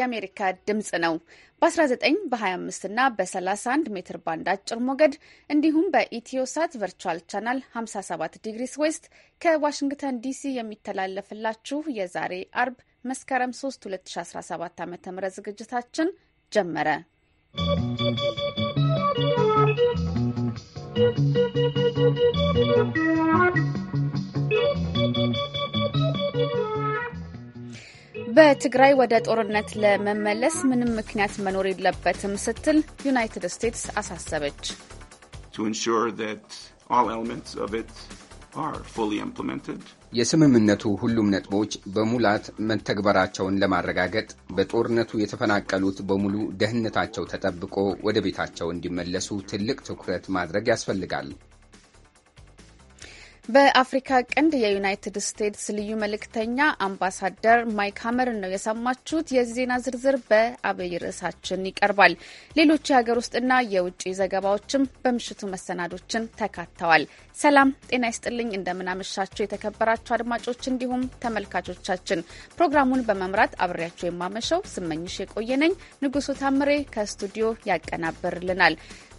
የአሜሪካ ድምፅ ነው። በ19 በ25 እና በ31 ሜትር ባንድ አጭር ሞገድ እንዲሁም በኢትዮሳት ቨርቹዋል ቻናል 57 ዲግሪስ ዌስት ከዋሽንግተን ዲሲ የሚተላለፍላችሁ የዛሬ አርብ መስከረም 3 2017 ዓ ም ዝግጅታችን ጀመረ። ¶¶ በትግራይ ወደ ጦርነት ለመመለስ ምንም ምክንያት መኖር የለበትም ስትል ዩናይትድ ስቴትስ አሳሰበች። የስምምነቱ ሁሉም ነጥቦች በሙላት መተግበራቸውን ለማረጋገጥ በጦርነቱ የተፈናቀሉት በሙሉ ደህንነታቸው ተጠብቆ ወደ ቤታቸው እንዲመለሱ ትልቅ ትኩረት ማድረግ ያስፈልጋል። በአፍሪካ ቀንድ የዩናይትድ ስቴትስ ልዩ መልእክተኛ አምባሳደር ማይክ ሀመርን ነው የሰማችሁት። የዜና ዝርዝር በአብይ ርዕሳችን ይቀርባል። ሌሎች የሀገር ውስጥና የውጭ ዘገባዎችም በምሽቱ መሰናዶችን ተካተዋል። ሰላም ጤና ይስጥልኝ። እንደምናመሻችሁ የተከበራችሁ አድማጮች እንዲሁም ተመልካቾቻችን፣ ፕሮግራሙን በመምራት አብሬያችሁ የማመሸው ስመኝሽ የቆየነኝ ንጉሱ ታምሬ ከስቱዲዮ ያቀናበርልናል።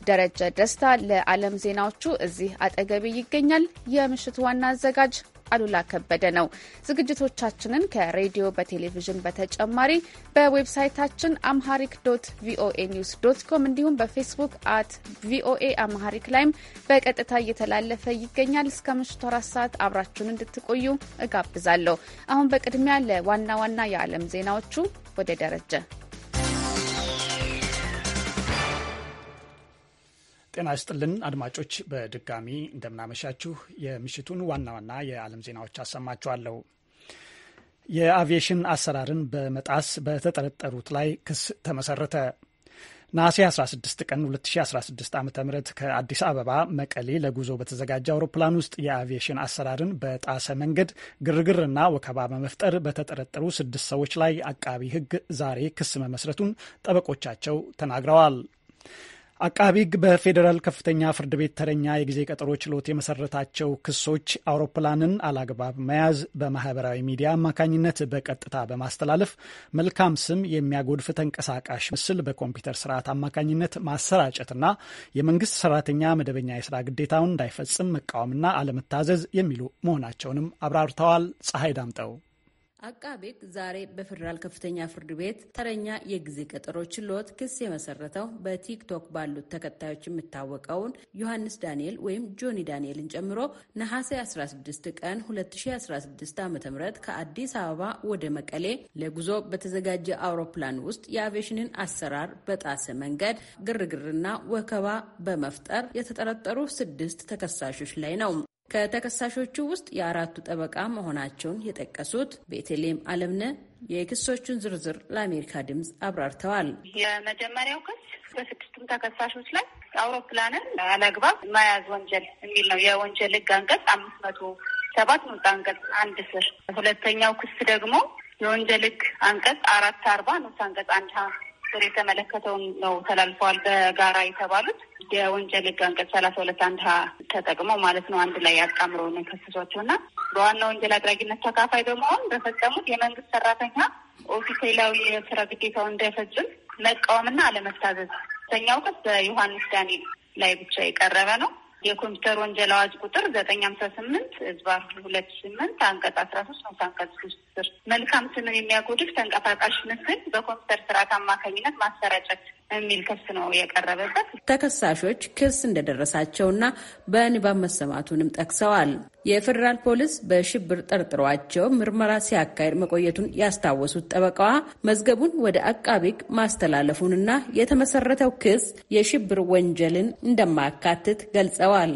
ደረጀ ደስታ ለዓለም ዜናዎቹ እዚህ አጠገቤ ይገኛል። የምሽቱ ዋና አዘጋጅ አሉላ ከበደ ነው። ዝግጅቶቻችንን ከሬዲዮ በቴሌቪዥን በተጨማሪ በዌብሳይታችን አምሃሪክ ዶት ቪኦኤ ኒውስ ዶት ኮም እንዲሁም በፌስቡክ አት ቪኦኤ አምሃሪክ ላይም በቀጥታ እየተላለፈ ይገኛል። እስከ ምሽቱ አራት ሰዓት አብራችሁን እንድትቆዩ እጋብዛለሁ። አሁን በቅድሚያ ለዋና ዋና የዓለም ዜናዎቹ ወደ ደረጀ ጤና ይስጥልን አድማጮች፣ በድጋሚ እንደምናመሻችሁ። የምሽቱን ዋና ዋና የዓለም ዜናዎች አሰማችኋለሁ። የአቪዬሽን አሰራርን በመጣስ በተጠረጠሩት ላይ ክስ ተመሰረተ። ነሐሴ 16 ቀን 2016 ዓ ም ከአዲስ አበባ መቀሌ ለጉዞ በተዘጋጀ አውሮፕላን ውስጥ የአቪዬሽን አሰራርን በጣሰ መንገድ ግርግርና ወከባ በመፍጠር በተጠረጠሩ ስድስት ሰዎች ላይ አቃቢ ሕግ ዛሬ ክስ መመስረቱን ጠበቆቻቸው ተናግረዋል። አቃቢ ሕግ በፌዴራል ከፍተኛ ፍርድ ቤት ተረኛ የጊዜ ቀጠሮ ችሎት የመሰረታቸው ክሶች አውሮፕላንን አላግባብ መያዝ፣ በማህበራዊ ሚዲያ አማካኝነት በቀጥታ በማስተላለፍ መልካም ስም የሚያጎድፍ ተንቀሳቃሽ ምስል በኮምፒውተር ስርዓት አማካኝነት ማሰራጨትና የመንግስት ሰራተኛ መደበኛ የስራ ግዴታውን እንዳይፈጽም መቃወምና አለመታዘዝ የሚሉ መሆናቸውንም አብራርተዋል። ፀሐይ ዳምጠው አቃቤ ሕግ ዛሬ በፌዴራል ከፍተኛ ፍርድ ቤት ተረኛ የጊዜ ቀጠሮ ችሎት ክስ የመሰረተው በቲክቶክ ባሉት ተከታዮች የሚታወቀውን ዮሐንስ ዳንኤል ወይም ጆኒ ዳንኤልን ጨምሮ ነሐሴ 16 ቀን 2016 ዓ ም ከአዲስ አበባ ወደ መቀሌ ለጉዞ በተዘጋጀ አውሮፕላን ውስጥ የአቬሽንን አሰራር በጣሰ መንገድ ግርግርና ወከባ በመፍጠር የተጠረጠሩ ስድስት ተከሳሾች ላይ ነው። ከተከሳሾቹ ውስጥ የአራቱ ጠበቃ መሆናቸውን የጠቀሱት ቤተልሔም አለምነ የክሶቹን ዝርዝር ለአሜሪካ ድምፅ አብራርተዋል። የመጀመሪያው ክስ በስድስቱም ተከሳሾች ላይ አውሮፕላንን አላግባብ መያዝ ወንጀል የሚል ነው። የወንጀል ህግ አንቀጽ አምስት መቶ ሰባት ንዑስ አንቀጽ አንድ ስር። ሁለተኛው ክስ ደግሞ የወንጀል ህግ አንቀጽ አራት አርባ ንዑስ አንቀጽ አንድ ስር የተመለከተውን ነው ተላልፈዋል በጋራ የተባሉት የወንጀል ህግ አንቀጽ ሰላሳ ሁለት አንድ ሀ ተጠቅመው ማለት ነው አንድ ላይ አጣምሮ ነው የከሰሷቸው እና በዋና ወንጀል አድራጊነት ተካፋይ በመሆን በፈጸሙት የመንግስት ሰራተኛ ኦፊሴላዊ የስራ ግዴታውን እንዳይፈጽም መቃወምና አለመታዘዝ ተኛው ክስ በዮሐንስ ዳንኤል ላይ ብቻ የቀረበ ነው። የኮምፒውተር ወንጀል አዋጅ ቁጥር ዘጠኝ ሀምሳ ስምንት ህዝባር ሁለት ስምንት አንቀጽ አስራ ሶስት ንዑስ አንቀጽ ሶስት ስር መልካም ስምን የሚያጎድፍ ተንቀሳቃሽ ምስል በኮምፒውተር ስርዓት አማካኝነት ማሰራጨት የሚል ክስ ነው የቀረበበት። ተከሳሾች ክስ እንደደረሳቸውና በንባብ መሰማቱንም ጠቅሰዋል። የፌዴራል ፖሊስ በሽብር ጠርጥሯቸው ምርመራ ሲያካሄድ መቆየቱን ያስታወሱት ጠበቃዋ መዝገቡን ወደ አቃቤ ሕግ ማስተላለፉንና የተመሰረተው ክስ የሽብር ወንጀልን እንደማያካትት ገልጸዋል።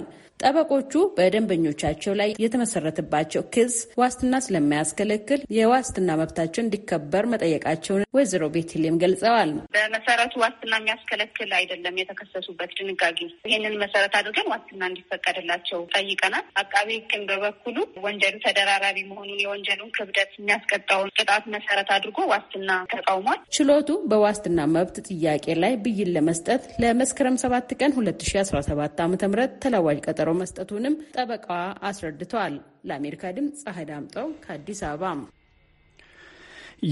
ጠበቆቹ በደንበኞቻቸው ላይ የተመሰረተባቸው ክስ ዋስትና ስለማያስከለክል የዋስትና መብታቸው እንዲከበር መጠየቃቸውን ወይዘሮ ቤትሌም ገልጸዋል። በመሰረቱ ዋስትና የሚያስከለክል አይደለም የተከሰሱበት ድንጋጌ። ይህንን መሰረት አድርገን ዋስትና እንዲፈቀድላቸው ጠይቀናል። አቃቢ ሕግን በበኩሉ ወንጀሉ ተደራራቢ መሆኑን የወንጀሉን ክብደት የሚያስቀጣውን ቅጣት መሰረት አድርጎ ዋስትና ተቃውሟል። ችሎቱ በዋስትና መብት ጥያቄ ላይ ብይን ለመስጠት ለመስከረም ሰባት ቀን ሁለት ሺ አስራ ሰባት ዓመተ ምህረት ተለዋጭ ቀጠሮ መስጠቱንም ጠበቃዋ አስረድተዋል። ለአሜሪካ ድምፅ ፀሐይ ዳምጠው ከአዲስ አበባ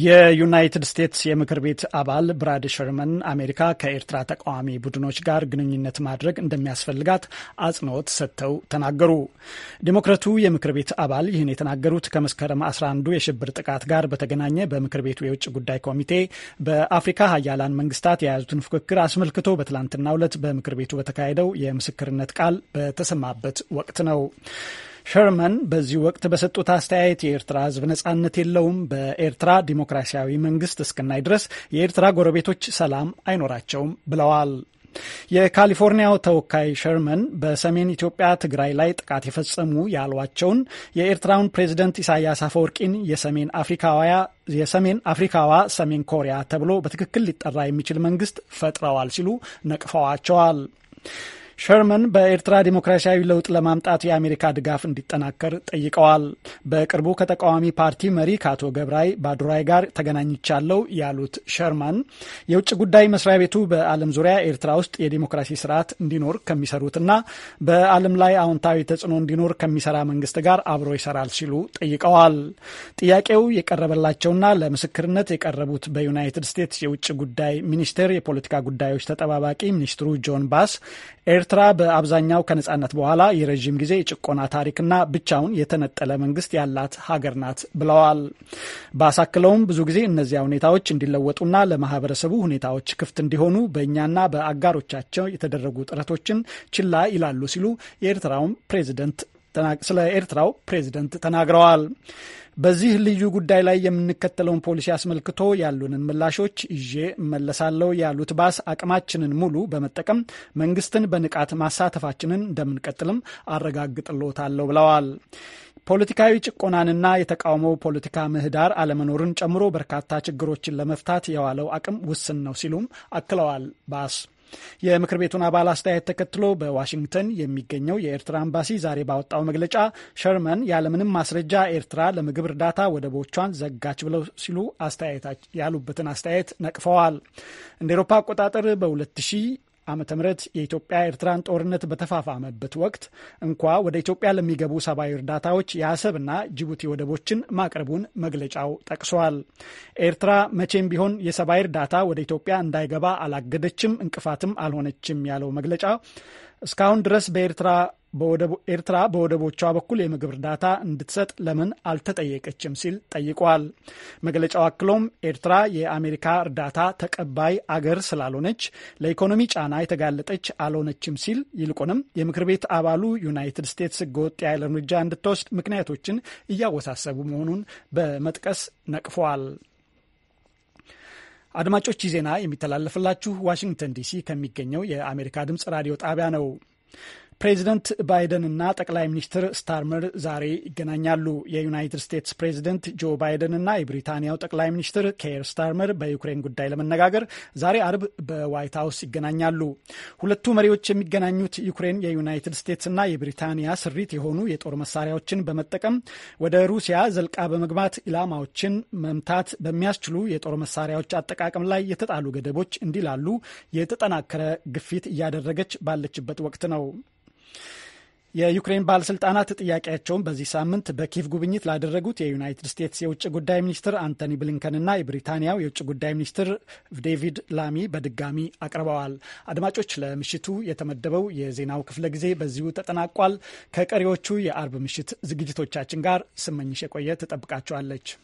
የዩናይትድ ስቴትስ የምክር ቤት አባል ብራድ ሸርመን አሜሪካ ከኤርትራ ተቃዋሚ ቡድኖች ጋር ግንኙነት ማድረግ እንደሚያስፈልጋት አጽንኦት ሰጥተው ተናገሩ። ዴሞክራቱ የምክር ቤት አባል ይህን የተናገሩት ከመስከረም 11 የሽብር ጥቃት ጋር በተገናኘ በምክር ቤቱ የውጭ ጉዳይ ኮሚቴ በአፍሪካ ሀያላን መንግስታት የያዙትን ፉክክር አስመልክቶ በትላንትናው ዕለት በምክር ቤቱ በተካሄደው የምስክርነት ቃል በተሰማበት ወቅት ነው። ሸርመን በዚህ ወቅት በሰጡት አስተያየት የኤርትራ ሕዝብ ነጻነት የለውም፣ በኤርትራ ዲሞክራሲያዊ መንግስት እስክናይ ድረስ የኤርትራ ጎረቤቶች ሰላም አይኖራቸውም ብለዋል። የካሊፎርኒያው ተወካይ ሸርመን በሰሜን ኢትዮጵያ ትግራይ ላይ ጥቃት የፈጸሙ ያሏቸውን የኤርትራውን ፕሬዚደንት ኢሳያስ አፈወርቂን የሰሜን አፍሪካውያ የሰሜን አፍሪካዋ ሰሜን ኮሪያ ተብሎ በትክክል ሊጠራ የሚችል መንግስት ፈጥረዋል ሲሉ ነቅፈዋቸዋል። ሸርመን በኤርትራ ዲሞክራሲያዊ ለውጥ ለማምጣት የአሜሪካ ድጋፍ እንዲጠናከር ጠይቀዋል። በቅርቡ ከተቃዋሚ ፓርቲ መሪ ከአቶ ገብራይ ባዱራይ ጋር ተገናኝቻለሁ ያሉት ሸርማን የውጭ ጉዳይ መስሪያ ቤቱ በዓለም ዙሪያ ኤርትራ ውስጥ የዲሞክራሲ ስርዓት እንዲኖር ከሚሰሩትና በዓለም ላይ አዎንታዊ ተጽዕኖ እንዲኖር ከሚሰራ መንግስት ጋር አብሮ ይሰራል ሲሉ ጠይቀዋል። ጥያቄው የቀረበላቸውና ለምስክርነት የቀረቡት በዩናይትድ ስቴትስ የውጭ ጉዳይ ሚኒስቴር የፖለቲካ ጉዳዮች ተጠባባቂ ሚኒስትሩ ጆን ባስ ኤርትራ በአብዛኛው ከነጻነት በኋላ የረዥም ጊዜ የጭቆና ታሪክና ብቻውን የተነጠለ መንግስት ያላት ሀገር ናት ብለዋል። ባሳክለውም ብዙ ጊዜ እነዚያ ሁኔታዎች እንዲለወጡና ለማህበረሰቡ ሁኔታዎች ክፍት እንዲሆኑ በእኛና በአጋሮቻቸው የተደረጉ ጥረቶችን ችላ ይላሉ ሲሉ የኤርትራውን ፕሬዚደንት ስለ ኤርትራው ፕሬዚደንት ተናግረዋል። በዚህ ልዩ ጉዳይ ላይ የምንከተለውን ፖሊሲ አስመልክቶ ያሉንን ምላሾች ይዤ እመለሳለሁ ያሉት ባስ አቅማችንን ሙሉ በመጠቀም መንግስትን በንቃት ማሳተፋችንን እንደምንቀጥልም አረጋግጥልዎታለሁ ብለዋል። ፖለቲካዊ ጭቆናንና የተቃውሞ ፖለቲካ ምህዳር አለመኖርን ጨምሮ በርካታ ችግሮችን ለመፍታት የዋለው አቅም ውስን ነው ሲሉም አክለዋል ባስ የምክር ቤቱን አባል አስተያየት ተከትሎ በዋሽንግተን የሚገኘው የኤርትራ አምባሲ ዛሬ ባወጣው መግለጫ ሸርመን ያለምንም ማስረጃ ኤርትራ ለምግብ እርዳታ ወደቦቿን ዘጋች ብለው ሲሉ ያሉበትን አስተያየት ነቅፈዋል። እንደ ኤሮፓ አቆጣጠር በ2000 ዓመተ ምህረት የኢትዮጵያ ኤርትራን ጦርነት በተፋፋመበት ወቅት እንኳ ወደ ኢትዮጵያ ለሚገቡ ሰብአዊ እርዳታዎች የአሰብና ጅቡቲ ወደቦችን ማቅረቡን መግለጫው ጠቅሷል። ኤርትራ መቼም ቢሆን የሰብአዊ እርዳታ ወደ ኢትዮጵያ እንዳይገባ አላገደችም፣ እንቅፋትም አልሆነችም ያለው መግለጫ እስካሁን ድረስ በኤርትራ ኤርትራ በወደቦቿ በኩል የምግብ እርዳታ እንድትሰጥ ለምን አልተጠየቀችም ሲል ጠይቋል። መግለጫው አክሎም ኤርትራ የአሜሪካ እርዳታ ተቀባይ አገር ስላልሆነች ለኢኮኖሚ ጫና የተጋለጠች አልሆነችም ሲል ይልቁንም የምክር ቤት አባሉ ዩናይትድ ስቴትስ ህገወጥ የኃይል እርምጃ እንድትወስድ ምክንያቶችን እያወሳሰቡ መሆኑን በመጥቀስ ነቅፈዋል። አድማጮች ዜና የሚተላለፍላችሁ ዋሽንግተን ዲሲ ከሚገኘው የአሜሪካ ድምጽ ራዲዮ ጣቢያ ነው። ፕሬዚደንት ባይደንና ጠቅላይ ሚኒስትር ስታርመር ዛሬ ይገናኛሉ። የዩናይትድ ስቴትስ ፕሬዚደንት ጆ ባይደንና የብሪታንያው ጠቅላይ ሚኒስትር ኬር ስታርመር በዩክሬን ጉዳይ ለመነጋገር ዛሬ አርብ በዋይት ሀውስ ይገናኛሉ። ሁለቱ መሪዎች የሚገናኙት ዩክሬን የዩናይትድ ስቴትስና የብሪታንያ ስሪት የሆኑ የጦር መሳሪያዎችን በመጠቀም ወደ ሩሲያ ዘልቃ በመግባት ኢላማዎችን መምታት በሚያስችሉ የጦር መሳሪያዎች አጠቃቀም ላይ የተጣሉ ገደቦች እንዲላሉ የተጠናከረ ግፊት እያደረገች ባለችበት ወቅት ነው። የዩክሬን ባለስልጣናት ጥያቄያቸውን በዚህ ሳምንት በኪቭ ጉብኝት ላደረጉት የዩናይትድ ስቴትስ የውጭ ጉዳይ ሚኒስትር አንቶኒ ብሊንከንና የብሪታንያው የውጭ ጉዳይ ሚኒስትር ዴቪድ ላሚ በድጋሚ አቅርበዋል። አድማጮች፣ ለምሽቱ የተመደበው የዜናው ክፍለ ጊዜ በዚሁ ተጠናቋል። ከቀሪዎቹ የአርብ ምሽት ዝግጅቶቻችን ጋር ስመኝሽ የቆየ ትጠብቃችኋለች።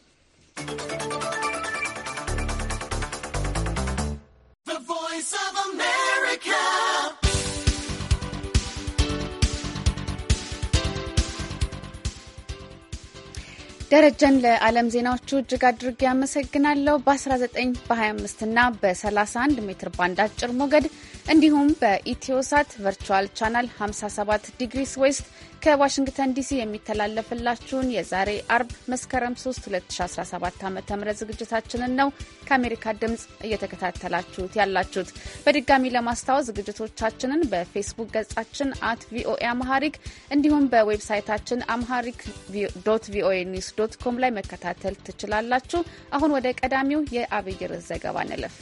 ደረጀን ለዓለም ዜናዎቹ እጅግ አድርጌ ያመሰግናለሁ። በ19 በ25 እና በ31 ሜትር ባንድ አጭር ሞገድ እንዲሁም በኢትዮሳት ቨርቹዋል ቻናል 57 ዲግሪስ ዌስት ከዋሽንግተን ዲሲ የሚተላለፍላችሁን የዛሬ አርብ መስከረም 3 2017 ዓ ም ዝግጅታችንን ነው ከአሜሪካ ድምፅ እየተከታተላችሁት ያላችሁት። በድጋሚ ለማስታወስ ዝግጅቶቻችንን በፌስቡክ ገጻችን አት ቪኦኤ አምሃሪክ እንዲሁም በዌብሳይታችን አምሃሪክ ዶት ቪኦኤ ኒውስ ዶት ኮም ላይ መከታተል ትችላላችሁ። አሁን ወደ ቀዳሚው የአብይ ርዕስ ዘገባ እንለፍ።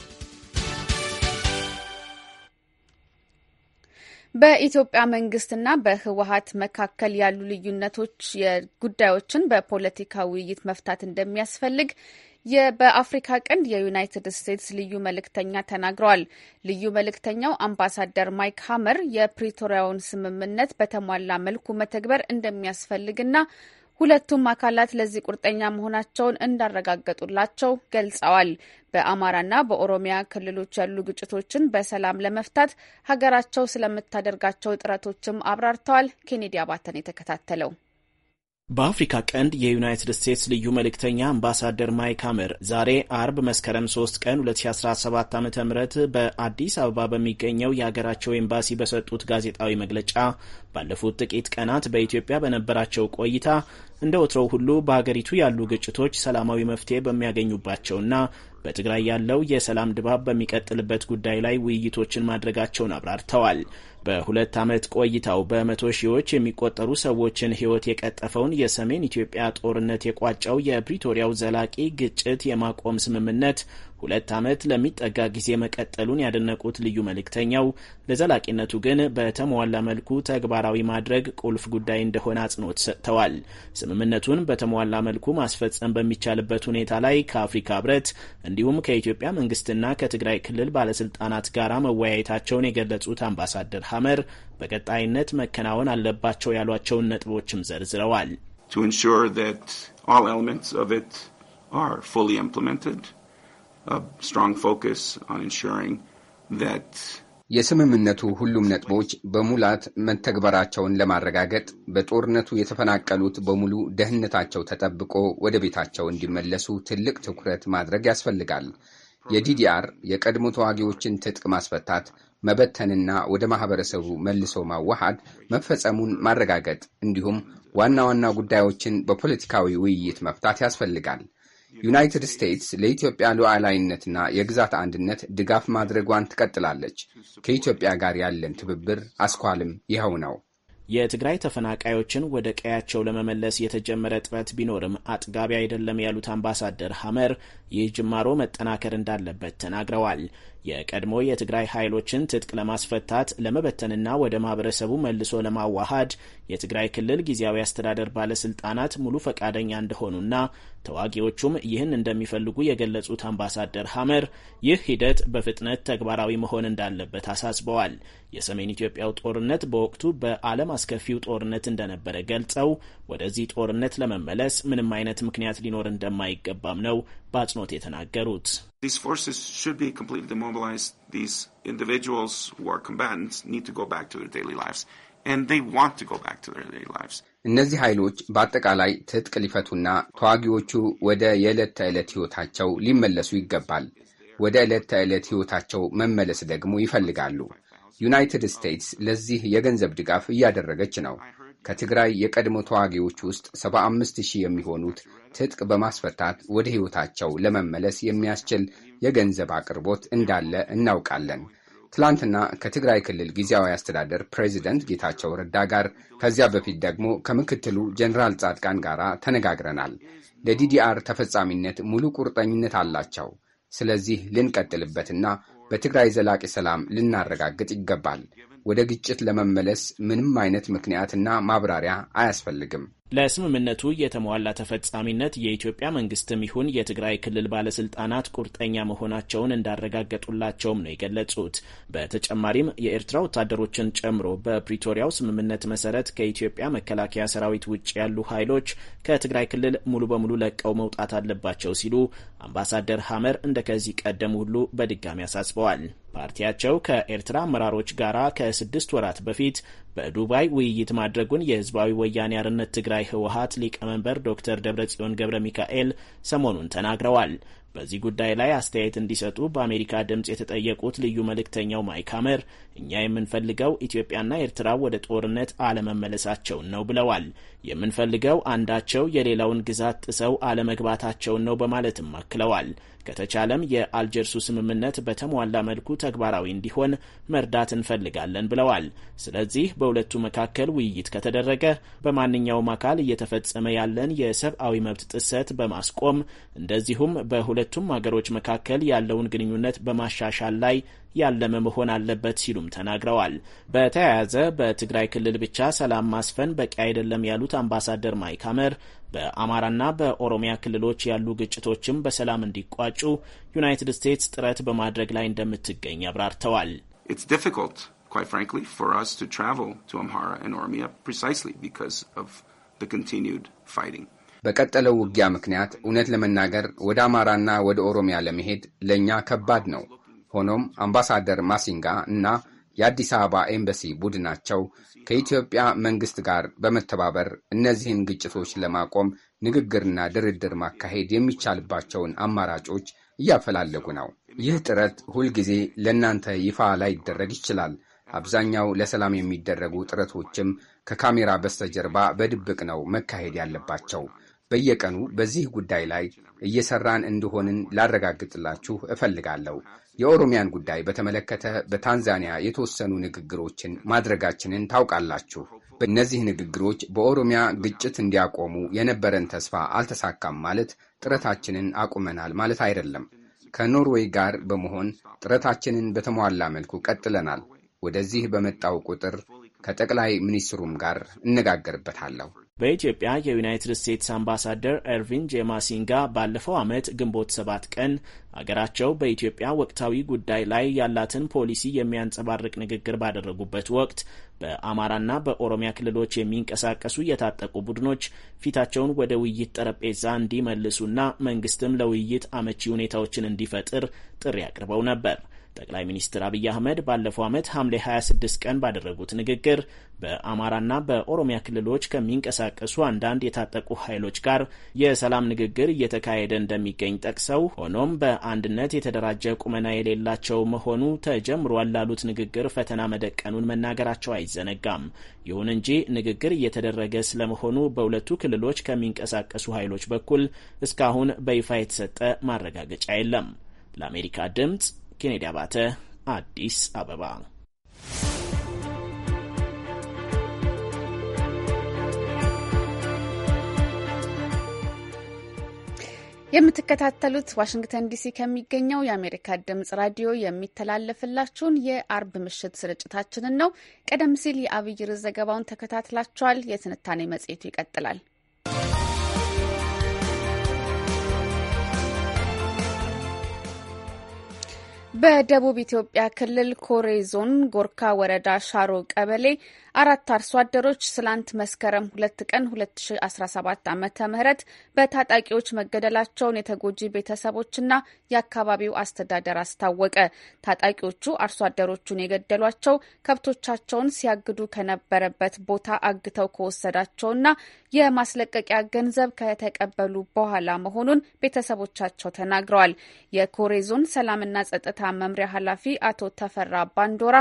በኢትዮጵያ መንግስትና በህወሀት መካከል ያሉ ልዩነቶች ጉዳዮችን በፖለቲካ ውይይት መፍታት እንደሚያስፈልግ በአፍሪካ ቀንድ የዩናይትድ ስቴትስ ልዩ መልእክተኛ ተናግረዋል። ልዩ መልእክተኛው አምባሳደር ማይክ ሀመር የፕሪቶሪያውን ስምምነት በተሟላ መልኩ መተግበር እንደሚያስፈልግና ሁለቱም አካላት ለዚህ ቁርጠኛ መሆናቸውን እንዳረጋገጡላቸው ገልጸዋል። በአማራና በኦሮሚያ ክልሎች ያሉ ግጭቶችን በሰላም ለመፍታት ሀገራቸው ስለምታደርጋቸው ጥረቶችም አብራርተዋል። ኬኔዲ አባተን የተከታተለው በአፍሪካ ቀንድ የዩናይትድ ስቴትስ ልዩ መልእክተኛ አምባሳደር ማይክ አመር ዛሬ አርብ መስከረም 3 ቀን 2017 ዓ ም በአዲስ አበባ በሚገኘው የሀገራቸው ኤምባሲ በሰጡት ጋዜጣዊ መግለጫ ባለፉት ጥቂት ቀናት በኢትዮጵያ በነበራቸው ቆይታ እንደ ወትሮው ሁሉ በሀገሪቱ ያሉ ግጭቶች ሰላማዊ መፍትሄ በሚያገኙባቸውና በትግራይ ያለው የሰላም ድባብ በሚቀጥልበት ጉዳይ ላይ ውይይቶችን ማድረጋቸውን አብራርተዋል። በሁለት ዓመት ቆይታው በመቶ ሺዎች የሚቆጠሩ ሰዎችን ሕይወት የቀጠፈውን የሰሜን ኢትዮጵያ ጦርነት የቋጨው የፕሪቶሪያው ዘላቂ ግጭት የማቆም ስምምነት ሁለት ዓመት ለሚጠጋ ጊዜ መቀጠሉን ያደነቁት ልዩ መልእክተኛው ለዘላቂነቱ ግን በተሟላ መልኩ ተግባራዊ ማድረግ ቁልፍ ጉዳይ እንደሆነ አጽንኦት ሰጥተዋል። ስምምነቱን በተሟላ መልኩ ማስፈጸም በሚቻልበት ሁኔታ ላይ ከአፍሪካ ህብረት እንዲሁም ከኢትዮጵያ መንግስትና ከትግራይ ክልል ባለስልጣናት ጋር መወያየታቸውን የገለጹት አምባሳደር ሐመር በቀጣይነት መከናወን አለባቸው ያሏቸውን ነጥቦችም ዘርዝረዋል። To ensure that all elements of it are fully implemented. የስምምነቱ ሁሉም ነጥቦች በሙላት መተግበራቸውን ለማረጋገጥ በጦርነቱ የተፈናቀሉት በሙሉ ደህንነታቸው ተጠብቆ ወደ ቤታቸው እንዲመለሱ ትልቅ ትኩረት ማድረግ ያስፈልጋል። የዲዲአር የቀድሞ ተዋጊዎችን ትጥቅ ማስፈታት፣ መበተንና ወደ ማህበረሰቡ መልሶ ማዋሃድ መፈጸሙን ማረጋገጥ እንዲሁም ዋና ዋና ጉዳዮችን በፖለቲካዊ ውይይት መፍታት ያስፈልጋል። ዩናይትድ ስቴትስ ለኢትዮጵያ ሉዓላዊነትና የግዛት አንድነት ድጋፍ ማድረጓን ትቀጥላለች። ከኢትዮጵያ ጋር ያለን ትብብር አስኳልም ይኸው ነው። የትግራይ ተፈናቃዮችን ወደ ቀያቸው ለመመለስ የተጀመረ ጥረት ቢኖርም አጥጋቢ አይደለም ያሉት አምባሳደር ሐመር ይህ ጅማሮ መጠናከር እንዳለበት ተናግረዋል። የቀድሞ የትግራይ ኃይሎችን ትጥቅ ለማስፈታት ለመበተንና ወደ ማህበረሰቡ መልሶ ለማዋሃድ የትግራይ ክልል ጊዜያዊ አስተዳደር ባለስልጣናት ሙሉ ፈቃደኛ እንደሆኑና ተዋጊዎቹም ይህን እንደሚፈልጉ የገለጹት አምባሳደር ሀመር ይህ ሂደት በፍጥነት ተግባራዊ መሆን እንዳለበት አሳስበዋል። የሰሜን ኢትዮጵያው ጦርነት በወቅቱ በዓለም አስከፊው ጦርነት እንደነበረ ገልጸው ወደዚህ ጦርነት ለመመለስ ምንም አይነት ምክንያት ሊኖር እንደማይገባም ነው በአጽንኦት የተናገሩት። These forces should be completely demobilized. These individuals who are combatants need to go back to their daily lives. እነዚህ ኃይሎች በአጠቃላይ ትጥቅ ሊፈቱና ተዋጊዎቹ ወደ የዕለት ተዕለት ሕይወታቸው ሊመለሱ ይገባል። ወደ ዕለት ተዕለት ሕይወታቸው መመለስ ደግሞ ይፈልጋሉ። ዩናይትድ ስቴትስ ለዚህ የገንዘብ ድጋፍ እያደረገች ነው። ከትግራይ የቀድሞ ተዋጊዎች ውስጥ 75 ሺህ የሚሆኑት ትጥቅ በማስፈታት ወደ ሕይወታቸው ለመመለስ የሚያስችል የገንዘብ አቅርቦት እንዳለ እናውቃለን። ትላንትና ከትግራይ ክልል ጊዜያዊ አስተዳደር ፕሬዚደንት ጌታቸው ረዳ ጋር ከዚያ በፊት ደግሞ ከምክትሉ ጀኔራል ጻድቃን ጋር ተነጋግረናል። ለዲዲአር ተፈጻሚነት ሙሉ ቁርጠኝነት አላቸው። ስለዚህ ልንቀጥልበትና በትግራይ ዘላቂ ሰላም ልናረጋግጥ ይገባል። ወደ ግጭት ለመመለስ ምንም አይነት ምክንያትና ማብራሪያ አያስፈልግም። ለስምምነቱ የተሟላ ተፈጻሚነት የኢትዮጵያ መንግስትም ይሁን የትግራይ ክልል ባለስልጣናት ቁርጠኛ መሆናቸውን እንዳረጋገጡላቸውም ነው የገለጹት። በተጨማሪም የኤርትራ ወታደሮችን ጨምሮ በፕሪቶሪያው ስምምነት መሰረት ከኢትዮጵያ መከላከያ ሰራዊት ውጭ ያሉ ኃይሎች ከትግራይ ክልል ሙሉ በሙሉ ለቀው መውጣት አለባቸው ሲሉ አምባሳደር ሀመር እንደ ከዚህ ቀደም ሁሉ በድጋሚ አሳስበዋል። ፓርቲያቸው ከኤርትራ አመራሮች ጋር ከስድስት ወራት በፊት በዱባይ ውይይት ማድረጉን የህዝባዊ ወያኔ አርነት ትግራይ ህወሀት ሊቀመንበር ዶክተር ደብረጽዮን ገብረ ሚካኤል ሰሞኑን ተናግረዋል። በዚህ ጉዳይ ላይ አስተያየት እንዲሰጡ በአሜሪካ ድምፅ የተጠየቁት ልዩ መልእክተኛው ማይክ ሀመር እኛ የምንፈልገው ኢትዮጵያና ኤርትራ ወደ ጦርነት አለመመለሳቸውን ነው ብለዋል። የምንፈልገው አንዳቸው የሌላውን ግዛት ጥሰው አለመግባታቸውን ነው በማለትም አክለዋል። ከተቻለም የአልጀርሱ ስምምነት በተሟላ መልኩ ተግባራዊ እንዲሆን መርዳት እንፈልጋለን ብለዋል። ስለዚህ በሁለቱ መካከል ውይይት ከተደረገ በማንኛውም አካል እየተፈጸመ ያለን የሰብአዊ መብት ጥሰት በማስቆም እንደዚሁም በሁለቱም አገሮች መካከል ያለውን ግንኙነት በማሻሻል ላይ ያለመ መሆን አለበት ሲሉም ተናግረዋል። በተያያዘ በትግራይ ክልል ብቻ ሰላም ማስፈን በቂ አይደለም ያሉት አምባሳደር ማይክ አመር በአማራና በኦሮሚያ ክልሎች ያሉ ግጭቶችም በሰላም እንዲቋጩ ዩናይትድ ስቴትስ ጥረት በማድረግ ላይ እንደምትገኝ አብራርተዋል። በቀጠለው ውጊያ ምክንያት እውነት ለመናገር ወደ አማራና ወደ ኦሮሚያ ለመሄድ ለእኛ ከባድ ነው። ሆኖም አምባሳደር ማሲንጋ እና የአዲስ አበባ ኤምባሲ ቡድናቸው ከኢትዮጵያ መንግስት ጋር በመተባበር እነዚህን ግጭቶች ለማቆም ንግግርና ድርድር ማካሄድ የሚቻልባቸውን አማራጮች እያፈላለጉ ነው። ይህ ጥረት ሁልጊዜ ለእናንተ ይፋ ላይደረግ ይችላል። አብዛኛው ለሰላም የሚደረጉ ጥረቶችም ከካሜራ በስተጀርባ በድብቅ ነው መካሄድ ያለባቸው። በየቀኑ በዚህ ጉዳይ ላይ እየሰራን እንደሆንን ላረጋግጥላችሁ እፈልጋለሁ። የኦሮሚያን ጉዳይ በተመለከተ በታንዛኒያ የተወሰኑ ንግግሮችን ማድረጋችንን ታውቃላችሁ። በእነዚህ ንግግሮች በኦሮሚያ ግጭት እንዲያቆሙ የነበረን ተስፋ አልተሳካም ማለት ጥረታችንን አቁመናል ማለት አይደለም። ከኖርዌይ ጋር በመሆን ጥረታችንን በተሟላ መልኩ ቀጥለናል። ወደዚህ በመጣው ቁጥር ከጠቅላይ ሚኒስትሩም ጋር እነጋገርበታለሁ። በኢትዮጵያ የዩናይትድ ስቴትስ አምባሳደር ኤርቪን ጄማሲንጋ ባለፈው ዓመት ግንቦት ሰባት ቀን አገራቸው በኢትዮጵያ ወቅታዊ ጉዳይ ላይ ያላትን ፖሊሲ የሚያንጸባርቅ ንግግር ባደረጉበት ወቅት በአማራና በኦሮሚያ ክልሎች የሚንቀሳቀሱ የታጠቁ ቡድኖች ፊታቸውን ወደ ውይይት ጠረጴዛ እንዲመልሱና መንግስትም ለውይይት አመቺ ሁኔታዎችን እንዲፈጥር ጥሪ አቅርበው ነበር። ጠቅላይ ሚኒስትር አብይ አህመድ ባለፈው ዓመት ሐምሌ 26 ቀን ባደረጉት ንግግር በአማራና በኦሮሚያ ክልሎች ከሚንቀሳቀሱ አንዳንድ የታጠቁ ኃይሎች ጋር የሰላም ንግግር እየተካሄደ እንደሚገኝ ጠቅሰው ሆኖም በአንድነት የተደራጀ ቁመና የሌላቸው መሆኑ ተጀምሯል ላሉት ንግግር ፈተና መደቀኑን መናገራቸው አይዘነጋም። ይሁን እንጂ ንግግር እየተደረገ ስለመሆኑ በሁለቱ ክልሎች ከሚንቀሳቀሱ ኃይሎች በኩል እስካሁን በይፋ የተሰጠ ማረጋገጫ የለም። ለአሜሪካ ድምፅ ኬኔዲ አባተ፣ አዲስ አበባ። የምትከታተሉት ዋሽንግተን ዲሲ ከሚገኘው የአሜሪካ ድምጽ ራዲዮ የሚተላለፍላችሁን የአርብ ምሽት ስርጭታችንን ነው። ቀደም ሲል የአብይር ዘገባውን ተከታትላችኋል። የትንታኔ መጽሔቱ ይቀጥላል። በደቡብ ኢትዮጵያ ክልል ኮሬ ዞን ጎርካ ወረዳ ሻሮ ቀበሌ አራት አርሶ አደሮች ስላንት መስከረም ሁለት ቀን 2017 ዓ ም በታጣቂዎች መገደላቸውን የተጎጂ ቤተሰቦችና የአካባቢው አስተዳደር አስታወቀ። ታጣቂዎቹ አርሶ አደሮቹን የገደሏቸው ከብቶቻቸውን ሲያግዱ ከነበረበት ቦታ አግተው ከወሰዳቸውና የማስለቀቂያ ገንዘብ ከተቀበሉ በኋላ መሆኑን ቤተሰቦቻቸው ተናግረዋል። የኮሬ ዞን ሰላምና ጸጥታ መምሪያ ኃላፊ አቶ ተፈራ ባንዶራ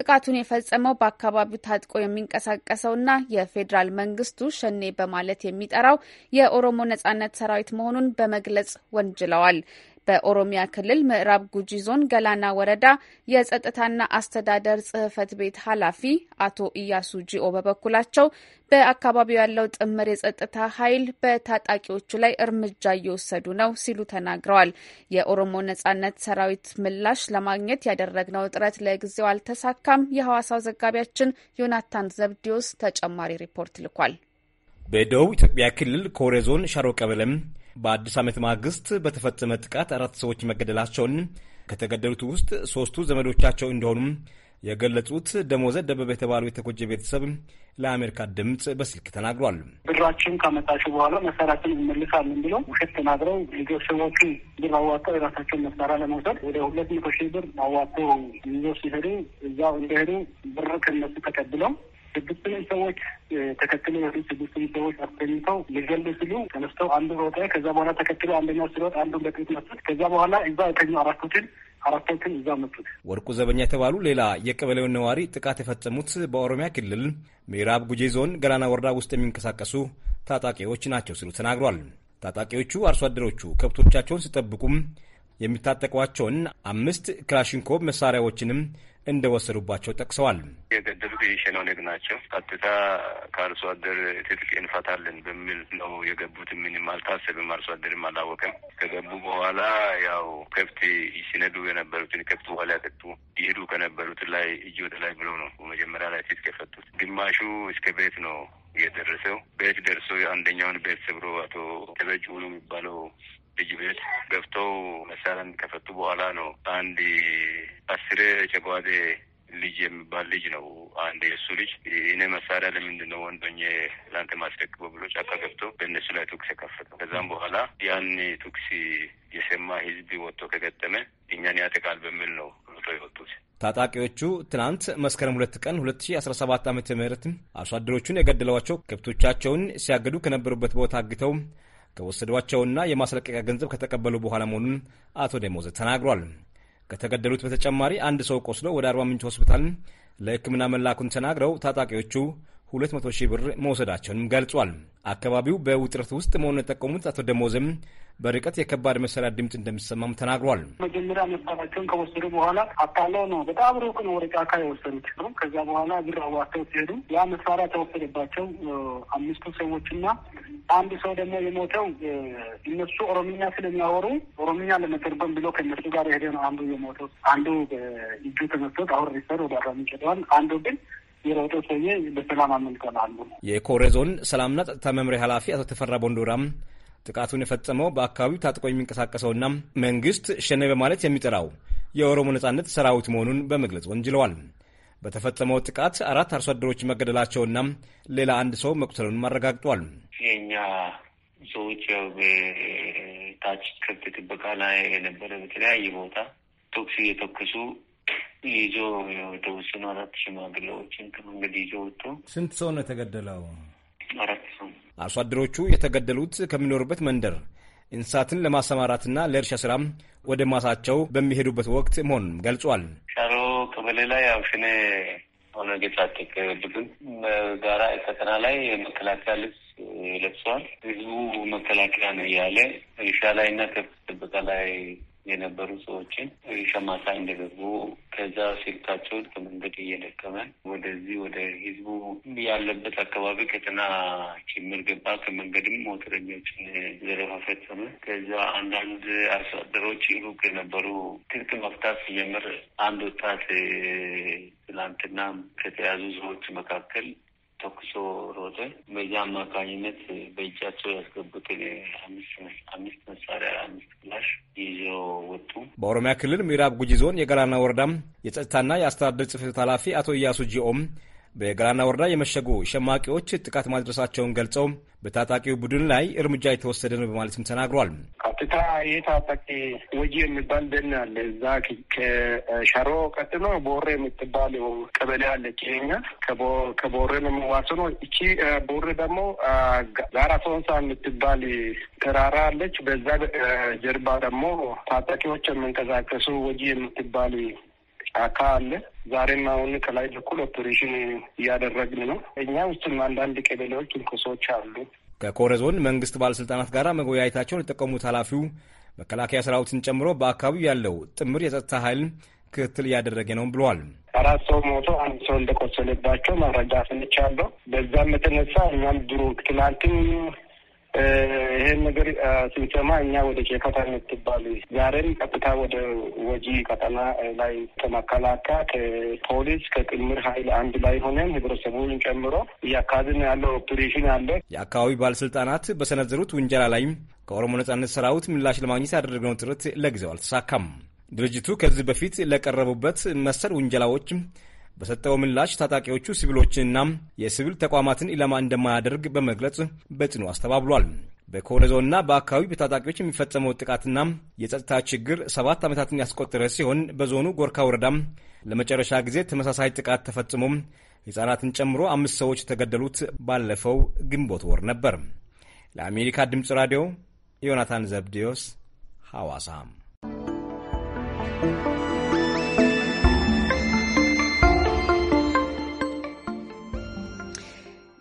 ጥቃቱን የፈጸመው በአካባቢው ታጥቆ የሚንቀሳቀሰውና የፌዴራል መንግስቱ ሸኔ በማለት የሚጠራው የኦሮሞ ነጻነት ሰራዊት መሆኑን በመግለጽ ወንጅለዋል። በኦሮሚያ ክልል ምዕራብ ጉጂ ዞን ገላና ወረዳ የጸጥታና አስተዳደር ጽህፈት ቤት ኃላፊ አቶ ኢያሱ ጂኦ በበኩላቸው በአካባቢው ያለው ጥምር የጸጥታ ኃይል በታጣቂዎቹ ላይ እርምጃ እየወሰዱ ነው ሲሉ ተናግረዋል። የኦሮሞ ነጻነት ሰራዊት ምላሽ ለማግኘት ያደረግነው ጥረት ለጊዜው አልተሳካም። የሐዋሳው ዘጋቢያችን ዮናታን ዘብዲዮስ ተጨማሪ ሪፖርት ልኳል። በደቡብ ኢትዮጵያ ክልል ኮሬ ዞን ሻሮ ቀበሌም በአዲስ ዓመት ማግስት በተፈጸመ ጥቃት አራት ሰዎች መገደላቸውን ከተገደሉት ውስጥ ሶስቱ ዘመዶቻቸው እንደሆኑም የገለጹት ደሞዘ ደበበ የተባለው የተጎጀ ቤተሰብ ለአሜሪካ ድምፅ በስልክ ተናግሯል። ብራችን ካመጣችሁ በኋላ መሳሪያችን እንመልሳለን ብለው ውሸት ተናግረው ልጆች ሰዎቹ ብር አዋጥተው የራሳቸውን መሳሪያ ለመውሰድ ወደ ሁለት መቶ ሺህ ብር አዋጥተው ይዞ ሲሄዱ እዛው እንደሄዱ ብር ከነሱ ተቀብለው ስድስቱንም ሰዎች ተከትሎ ወደ ስድስቱንም ሰዎች አስተኝተው ሊገሉ ሲሉ ተነስተው አንዱ ሮጠ። ከዛ በኋላ ተከትሎ አንደኛው ሲሮጥ አንዱ በጥይት መቱት። ከዛ በኋላ እዛ የተኙ አራቶችን አራቶችን እዛ መቱት። ወርቁ ዘበኛ የተባሉ ሌላ የቀበሌውን ነዋሪ ጥቃት የፈጸሙት በኦሮሚያ ክልል ምዕራብ ጉጄ ዞን ገላና ወረዳ ውስጥ የሚንቀሳቀሱ ታጣቂዎች ናቸው ሲሉ ተናግሯል። ታጣቂዎቹ አርሶ አደሮቹ ከብቶቻቸውን ሲጠብቁም የሚታጠቋቸውን አምስት ክላሽንኮቭ መሳሪያዎችንም እንደወሰዱባቸው ጠቅሰዋል። የገደሉት የሸኔ ኦነግ ናቸው። ቀጥታ ከአርሶ አደር ትጥቅ እንፈታለን በሚል ነው የገቡት። ምንም አልታሰብም። አርሶ አደርም አላወቅም። ከገቡ በኋላ ያው ከብት ሲነዱ የነበሩትን ከብት በኋላ ያጠጡ ይሄዱ ከነበሩት ላይ እጅ ወደ ላይ ብለው ነው መጀመሪያ ላይ ትጥቅ የፈቱት። ግማሹ እስከ ቤት ነው የደረሰው። ቤት ደርሶ አንደኛውን ቤት ሰብሮ አቶ ተበጅ ሆኖ የሚባለው ልጅ ቤት ገብተው መሳሪያን ከፈቱ በኋላ ነው አንድ አስሬ ጨጓዴ ልጅ የሚባል ልጅ ነው። አንድ የእሱ ልጅ እኔ መሳሪያ ለምንድን ነው ወንዶኜ ለአንተ ማስረክበው ብሎ ጫካ ገብቶ በእነሱ ላይ ቱክስ የከፈተው። ከዛም በኋላ ያን ቱክስ የሰማ ህዝብ ወጥቶ ከገጠመ እኛን ያጠቃል በሚል ነው ሮጦ የወጡት። ታጣቂዎቹ ትናንት መስከረም ሁለት ቀን 2017 ዓ ም አርሶ አደሮቹን የገደሏቸው ከብቶቻቸውን ሲያገዱ ከነበሩበት ቦታ አግተው ከወሰዷቸውና የማስለቀቂያ ገንዘብ ከተቀበሉ በኋላ መሆኑን አቶ ደሞዘ ተናግሯል። ከተገደሉት በተጨማሪ አንድ ሰው ቆስሎ ወደ አርባ ምንጭ ሆስፒታል ለሕክምና መላኩን ተናግረው ታጣቂዎቹ 200 ሺህ ብር መውሰዳቸውንም ገልጿል። አካባቢው በውጥረት ውስጥ መሆኑን የጠቀሙት አቶ ደሞዝም በርቀት የከባድ መሳሪያ ድምፅ እንደሚሰማም ተናግሯል። መጀመሪያ መሳሪያቸውን ከወሰዱ በኋላ አታለው ነው፣ በጣም ሩቅ ነው፣ ወደ ጫካ የወሰዱት። ከዛ በኋላ ብር አዋተው ሲሄዱ ያ መሳሪያ ተወሰደባቸው አምስቱ ሰዎች እና አንድ ሰው ደግሞ የሞተው እነሱ ኦሮምኛ ስለሚያወሩ ኦሮምኛ ለመተርጎም ብሎ ከእነሱ ጋር የሄደ ነው። አንዱ የሞተው አንዱ በእጁ ተመቶት አሁን ሪሰር ወደ አራሚ ሄደዋል። አንዱ ግን የረዶ አመልቀናሉ። የኮሬ ዞን ሰላምና ጸጥታ መምሪያ ኃላፊ አቶ ተፈራ ቦንዶራም ጥቃቱን የፈጸመው በአካባቢው ታጥቆ የሚንቀሳቀሰውና መንግስት ሸኔ በማለት የሚጠራው የኦሮሞ ነጻነት ሰራዊት መሆኑን በመግለጽ ወንጅለዋል። በተፈጸመው ጥቃት አራት አርሶ አደሮች መገደላቸውና ሌላ አንድ ሰው መቁሰሉን አረጋግጧል። የእኛ ሰዎች ያው በታች ከብት ጥበቃ ላይ የነበረ በተለያየ ቦታ ተኩስ እየተኩሱ ይዞ የተወሰኑ አራት ሽማግሌዎችን ከመንገድ ይዞ ወጥቶ ስንት ሰው ነው የተገደለው? አራት ሰው። አርሶ አደሮቹ የተገደሉት ከሚኖሩበት መንደር እንስሳትን ለማሰማራትና ለእርሻ ስራም ወደ ማሳቸው በሚሄዱበት ወቅት መሆኑን ገልጿል። ሻሮ ቀበሌ ላይ አብሽኔ ሆነ የታጠቀ ድብን ጋራ ፈተና ላይ የመከላከያ ልብስ ለብሰዋል። ህዝቡ መከላከያ ነው እያለ እርሻ ላይና ከብት ጥበቃ ላይ የነበሩ ሰዎችን ሸማታ እንደገቡ ከዛ ስልካቸውን ከመንገድ እየደቀመ ወደዚህ ወደ ህዝቡ ያለበት አካባቢ ከተና ችምር ገባ። ከመንገድም ሞተረኞችን ዘረፋ ፈጸመ። ከዛ አንዳንድ አርሶ አደሮች ሩቅ የነበሩ ትርክ መፍታት ሲጀምር አንድ ወጣት ትላንትና ከተያዙ ሰዎች መካከል ተኩሶ ሮጠ። በዛ አማካኝነት በእጃቸው ያስገቡትን አምስት መሳሪያ አምስት ክላሽ ይዘው ወጡ። በኦሮሚያ ክልል ምዕራብ ጉጂ ዞን የገላና ወረዳም የጸጥታና የአስተዳደር ጽሕፈት ኃላፊ አቶ እያሱ ጂኦም በገላና ወረዳ የመሸጉ ሸማቂዎች ጥቃት ማድረሳቸውን ገልጸው በታጣቂው ቡድን ላይ እርምጃ የተወሰደ ነው በማለትም ተናግሯል። ቀጥታ ታጣቂ ወጂ የሚባል ደን አለ። እዛ ከሸሮ ቀጥሎ ቦሬ የምትባል ቀበሌ አለ። ይሄኛ ከቦሬ ነው የሚዋሰነው። እቺ ቦሬ ደግሞ ጋራ ሶንሳ የምትባል ተራራ አለች። በዛ ጀርባ ደግሞ ታጣቂዎች የምንቀሳቀሱ ወጂ የምትባል ጫካ አለ። ዛሬም አሁን ከላይ በኩል ኦፕሬሽን እያደረግን ነው። እኛ ውስጥም አንዳንድ ቀበሌዎች እንኮሶች አሉ። ከኮረ ዞን መንግስት ባለስልጣናት ጋር መወያየታቸውን የጠቀሙት ኃላፊው መከላከያ ሰራዊትን ጨምሮ በአካባቢው ያለው ጥምር የጸጥታ ኃይል ክትትል እያደረገ ነው ብለዋል። አራት ሰው ሞቶ አንድ ሰው እንደቆሰለባቸው መረጃ ስንቻለሁ። በዛም የተነሳ እኛም ድሮ ትላንትም ይሄን ነገር ስንሰማ እኛ ወደ ቄከታ የምትባል ዛሬም ቀጥታ ወደ ወጂ ቀጠና ላይ ከመከላከያ ከፖሊስ ከጥምር ኃይል አንድ ላይ ሆነን ህብረተሰቡን ጨምሮ እያካዝን ያለው ኦፕሬሽን አለ። የአካባቢ ባለስልጣናት በሰነዘሩት ውንጀላ ላይም ከኦሮሞ ነጻነት ሰራዊት ምላሽ ለማግኘት ያደረግነው ጥረት ለጊዜው አልተሳካም። ድርጅቱ ከዚህ በፊት ለቀረቡበት መሰል ውንጀላዎች በሰጠው ምላሽ ታጣቂዎቹ ሲቪሎችንና የሲቪል ተቋማትን ኢላማ እንደማያደርግ በመግለጽ በጽኑ አስተባብሏል። በኮሬ ዞንና በአካባቢው በታጣቂዎች የሚፈጸመው ጥቃትና የጸጥታ ችግር ሰባት ዓመታትን ያስቆጠረ ሲሆን በዞኑ ጎርካ ወረዳ ለመጨረሻ ጊዜ ተመሳሳይ ጥቃት ተፈጽሞ ሕፃናትን ጨምሮ አምስት ሰዎች የተገደሉት ባለፈው ግንቦት ወር ነበር። ለአሜሪካ ድምፅ ራዲዮ ዮናታን ዘብዴዎስ ሐዋሳም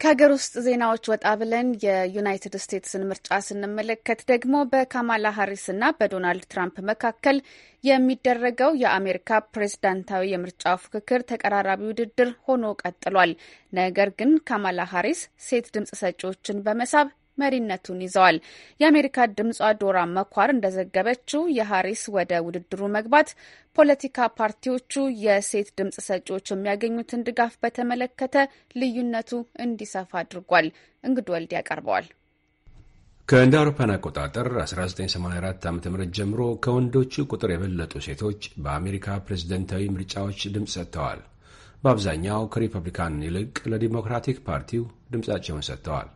ከሀገር ውስጥ ዜናዎች ወጣ ብለን የዩናይትድ ስቴትስን ምርጫ ስንመለከት ደግሞ በካማላ ሀሪስና በዶናልድ ትራምፕ መካከል የሚደረገው የአሜሪካ ፕሬዝዳንታዊ የምርጫ ፉክክር ተቀራራቢ ውድድር ሆኖ ቀጥሏል። ነገር ግን ካማላ ሀሪስ ሴት ድምጽ ሰጪዎችን በመሳብ መሪነቱን ይዘዋል። የአሜሪካ ድምጿ ዶራ መኳር እንደዘገበችው የሀሪስ ወደ ውድድሩ መግባት ፖለቲካ ፓርቲዎቹ የሴት ድምፅ ሰጪዎች የሚያገኙትን ድጋፍ በተመለከተ ልዩነቱ እንዲሰፋ አድርጓል። እንግድ ወልድ ያቀርበዋል። ከእንደ አውሮፓን አቆጣጠር 1984 ዓ ም ጀምሮ ከወንዶቹ ቁጥር የበለጡ ሴቶች በአሜሪካ ፕሬዝደንታዊ ምርጫዎች ድምፅ ሰጥተዋል። በአብዛኛው ከሪፐብሊካን ይልቅ ለዲሞክራቲክ ፓርቲው ድምፃቸውን ሰጥተዋል።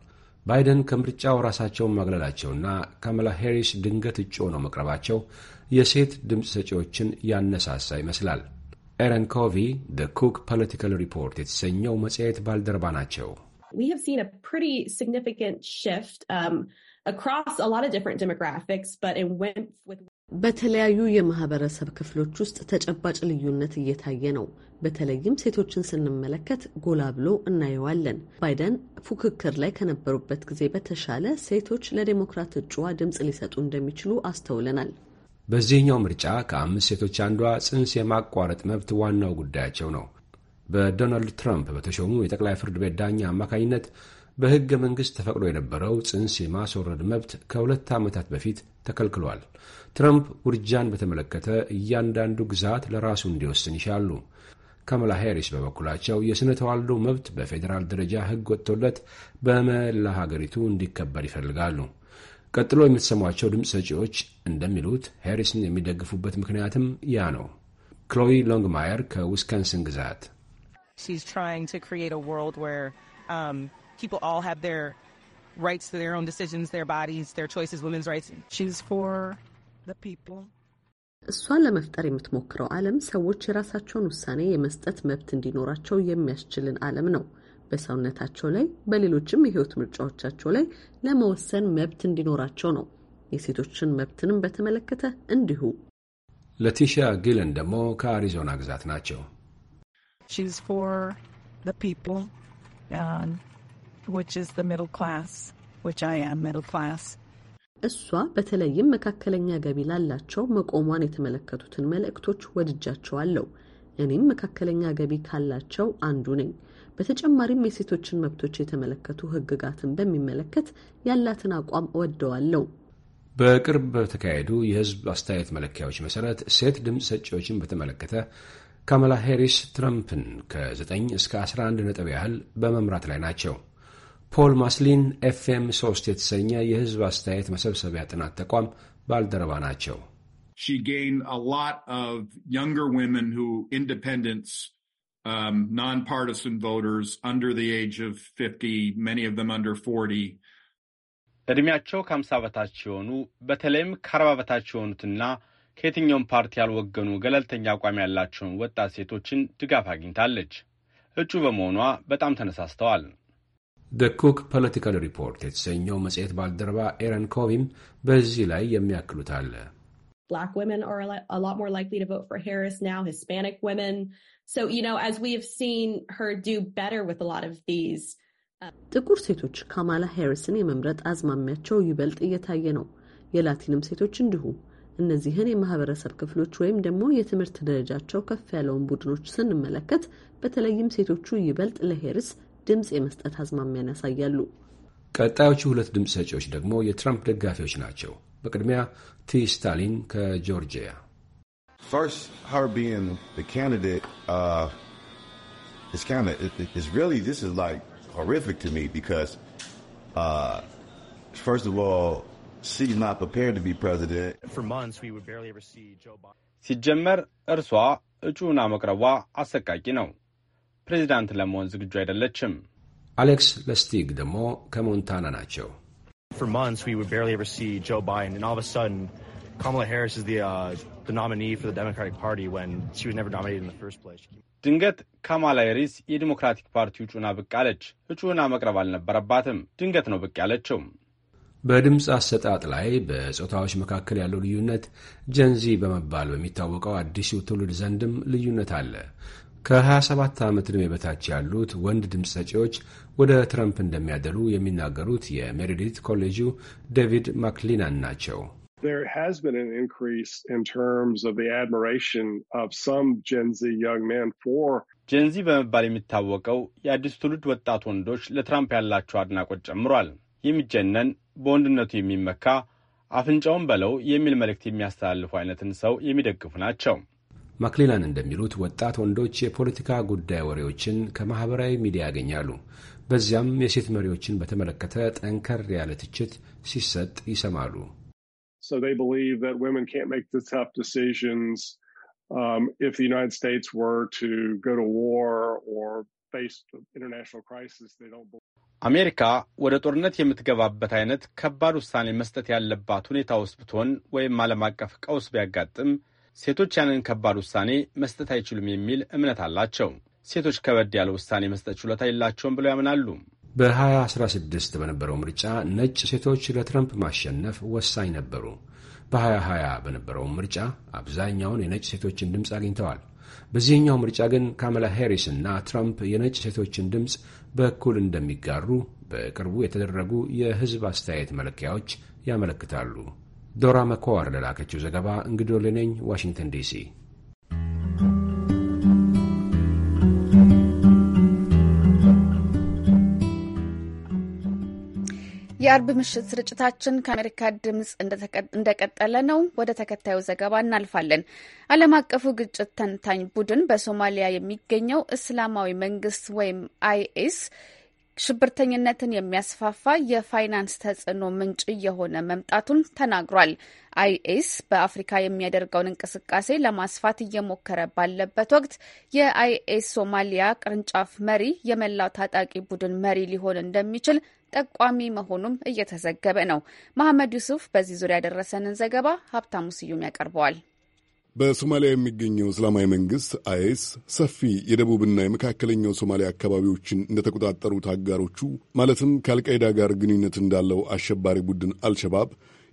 ባይደን ከምርጫው ራሳቸውን ማግለላቸውና ካማላ ሄሪስ ድንገት እጩ ሆነው መቅረባቸው የሴት ድምፅ ሰጪዎችን ያነሳሳ ይመስላል። ኤረን ኮቪ ደ ኩክ ፖለቲካል ሪፖርት የተሰኘው መጽሔት ባልደረባ ናቸው። በተለያዩ የማህበረሰብ ክፍሎች ውስጥ ተጨባጭ ልዩነት እየታየ ነው። በተለይም ሴቶችን ስንመለከት ጎላ ብሎ እናየዋለን። ባይደን ፉክክር ላይ ከነበሩበት ጊዜ በተሻለ ሴቶች ለዴሞክራት እጩዋ ድምፅ ሊሰጡ እንደሚችሉ አስተውለናል። በዚህኛው ምርጫ ከአምስት ሴቶች አንዷ ጽንስ የማቋረጥ መብት ዋናው ጉዳያቸው ነው። በዶናልድ ትራምፕ በተሾሙ የጠቅላይ ፍርድ ቤት ዳኛ አማካኝነት በሕገ መንግሥት ተፈቅዶ የነበረው ጽንስ የማስወረድ መብት ከሁለት ዓመታት በፊት ተከልክሏል። ትራምፕ ውርጃን በተመለከተ እያንዳንዱ ግዛት ለራሱ እንዲወስን ይሻሉ። ካማላ ሄሪስ በበኩላቸው የሥነ ተዋልዶ መብት በፌዴራል ደረጃ ሕግ ወጥቶለት በመላ ሀገሪቱ እንዲከበር ይፈልጋሉ። ቀጥሎ የምትሰሟቸው ድምፅ ሰጪዎች እንደሚሉት ሄሪስን የሚደግፉበት ምክንያትም ያ ነው። ክሎይ ሎንግማየር ከዊስከንስን ግዛት ሪትስ እሷን ለመፍጠር የምትሞክረው ዓለም ሰዎች የራሳቸውን ውሳኔ የመስጠት መብት እንዲኖራቸው የሚያስችልን ዓለም ነው። በሰውነታቸው ላይ በሌሎችም የህይወት ምርጫዎቻቸው ላይ ለመወሰን መብት እንዲኖራቸው ነው። የሴቶችን መብትንም በተመለከተ እንዲሁ። ለቲሻ ጊልን ደግሞ ከአሪዞና ግዛት ናቸው። which is እሷ በተለይም መካከለኛ ገቢ ላላቸው መቆሟን የተመለከቱትን መልእክቶች ወድጃቸዋለሁ። እኔም መካከለኛ ገቢ ካላቸው አንዱ ነኝ። በተጨማሪም የሴቶችን መብቶች የተመለከቱ ሕግጋትን በሚመለከት ያላትን አቋም እወደዋለሁ። በቅርብ በተካሄዱ የሕዝብ አስተያየት መለኪያዎች መሰረት ሴት ድምፅ ሰጪዎችን በተመለከተ ካማላ ሄሪስ ትራምፕን ከ9 እስከ 11 ነጥብ ያህል በመምራት ላይ ናቸው። ፖል ማስሊን ኤፍኤም 3 የተሰኘ የህዝብ አስተያየት መሰብሰቢያ ጥናት ተቋም ባልደረባ ናቸው። Um, nonpartisan voters under the age of 50, many of them under 40. እድሜያቸው ከአምሳ በታች የሆኑ በተለይም ከአርባ በታች የሆኑትና ከየትኛውም ፓርቲ ያልወገኑ ገለልተኛ አቋም ያላቸውን ወጣት ሴቶችን ድጋፍ አግኝታለች። እጩ በመሆኗ በጣም ተነሳስተዋል። ደ ኩክ ፖለቲካል ሪፖርት የተሰኘው መጽሔት ባልደረባ ኤረን ኮቪም በዚህ ላይ የሚያክሉት አለ። ጥቁር ሴቶች ካማላ ሄሪስን የመምረጥ አዝማሚያቸው ይበልጥ እየታየ ነው። የላቲንም ሴቶች እንዲሁ። እነዚህን የማህበረሰብ ክፍሎች ወይም ደግሞ የትምህርት ደረጃቸው ከፍ ያለውን ቡድኖች ስንመለከት በተለይም ሴቶቹ ይበልጥ ለሄርስ ድምፅ የመስጠት አዝማሚያን ያሳያሉ። ቀጣዮቹ ሁለት ድምፅ ሰጪዎች ደግሞ የትራምፕ ደጋፊዎች ናቸው። በቅድሚያ ቲ ስታሊን ከጆርጂያ ሲጀመር እርሷ እጩና መቅረቧ አሰቃቂ ነው። ፕሬዚዳንት ለመሆን ዝግጁ አይደለችም። አሌክስ ለስቲግ ደግሞ ከሞንታና ናቸው። uh, ድንገት ካማላ ሄሪስ የዲሞክራቲክ ፓርቲው እጩ ብቅ አለች። እጩ መቅረብ አልነበረባትም። ድንገት ነው ብቅ ያለችው። በድምፅ አሰጣጥ ላይ በጾታዎች መካከል ያለው ልዩነት ጀንዚ በመባል በሚታወቀው አዲሱ ትውልድ ዘንድም ልዩነት አለ። ከ27 ዓመት ዕድሜ በታች ያሉት ወንድ ድምፅ ሰጪዎች ወደ ትረምፕ እንደሚያደሉ የሚናገሩት የሜሪዲት ኮሌጁ ዴቪድ ማክሊናን ናቸው። ጀንዚ በመባል የሚታወቀው የአዲሱ ትውልድ ወጣት ወንዶች ለትራምፕ ያላቸው አድናቆት ጨምሯል። የሚጀነን በወንድነቱ የሚመካ አፍንጫውን በለው የሚል መልእክት የሚያስተላልፉ አይነትን ሰው የሚደግፉ ናቸው። ማክሌላን እንደሚሉት ወጣት ወንዶች የፖለቲካ ጉዳይ ወሬዎችን ከማኅበራዊ ሚዲያ ያገኛሉ። በዚያም የሴት መሪዎችን በተመለከተ ጠንከር ያለ ትችት ሲሰጥ ይሰማሉ። um, አሜሪካ ወደ ጦርነት የምትገባበት አይነት ከባድ ውሳኔ መስጠት ያለባት ሁኔታ ውስጥ ብትሆን ወይም ዓለም አቀፍ ቀውስ ቢያጋጥም ሴቶች ያንን ከባድ ውሳኔ መስጠት አይችሉም የሚል እምነት አላቸው። ሴቶች ከበድ ያለ ውሳኔ መስጠት ችሎታ የላቸውም ብለው ያምናሉ። በ2016 በነበረው ምርጫ ነጭ ሴቶች ለትረምፕ ማሸነፍ ወሳኝ ነበሩ። በ2020 በነበረው ምርጫ አብዛኛውን የነጭ ሴቶችን ድምፅ አግኝተዋል። በዚህኛው ምርጫ ግን ካመላ ሄሪስ እና ትራምፕ የነጭ ሴቶችን ድምፅ በእኩል እንደሚጋሩ በቅርቡ የተደረጉ የሕዝብ አስተያየት መለኪያዎች ያመለክታሉ። ዶራ መኮዋር ለላከችው ዘገባ እንግዶ ልነኝ ዋሽንግተን ዲሲ። የአርብ ምሽት ስርጭታችን ከአሜሪካ ድምጽ እንደቀጠለ ነው። ወደ ተከታዩ ዘገባ እናልፋለን። ዓለም አቀፉ ግጭት ተንታኝ ቡድን በሶማሊያ የሚገኘው እስላማዊ መንግስት ወይም አይኤስ ሽብርተኝነትን የሚያስፋፋ የፋይናንስ ተጽዕኖ ምንጭ እየሆነ መምጣቱን ተናግሯል። አይኤስ በአፍሪካ የሚያደርገውን እንቅስቃሴ ለማስፋት እየሞከረ ባለበት ወቅት የአይኤስ ሶማሊያ ቅርንጫፍ መሪ የመላው ታጣቂ ቡድን መሪ ሊሆን እንደሚችል ጠቋሚ መሆኑም እየተዘገበ ነው። መሐመድ ዩሱፍ በዚህ ዙሪያ ያደረሰንን ዘገባ ሀብታሙ ስዩም ያቀርበዋል። በሶማሊያ የሚገኘው እስላማዊ መንግስት አይስ ሰፊ የደቡብና የመካከለኛው ሶማሊያ አካባቢዎችን እንደተቆጣጠሩት አጋሮቹ ማለትም ከአልቃይዳ ጋር ግንኙነት እንዳለው አሸባሪ ቡድን አልሸባብ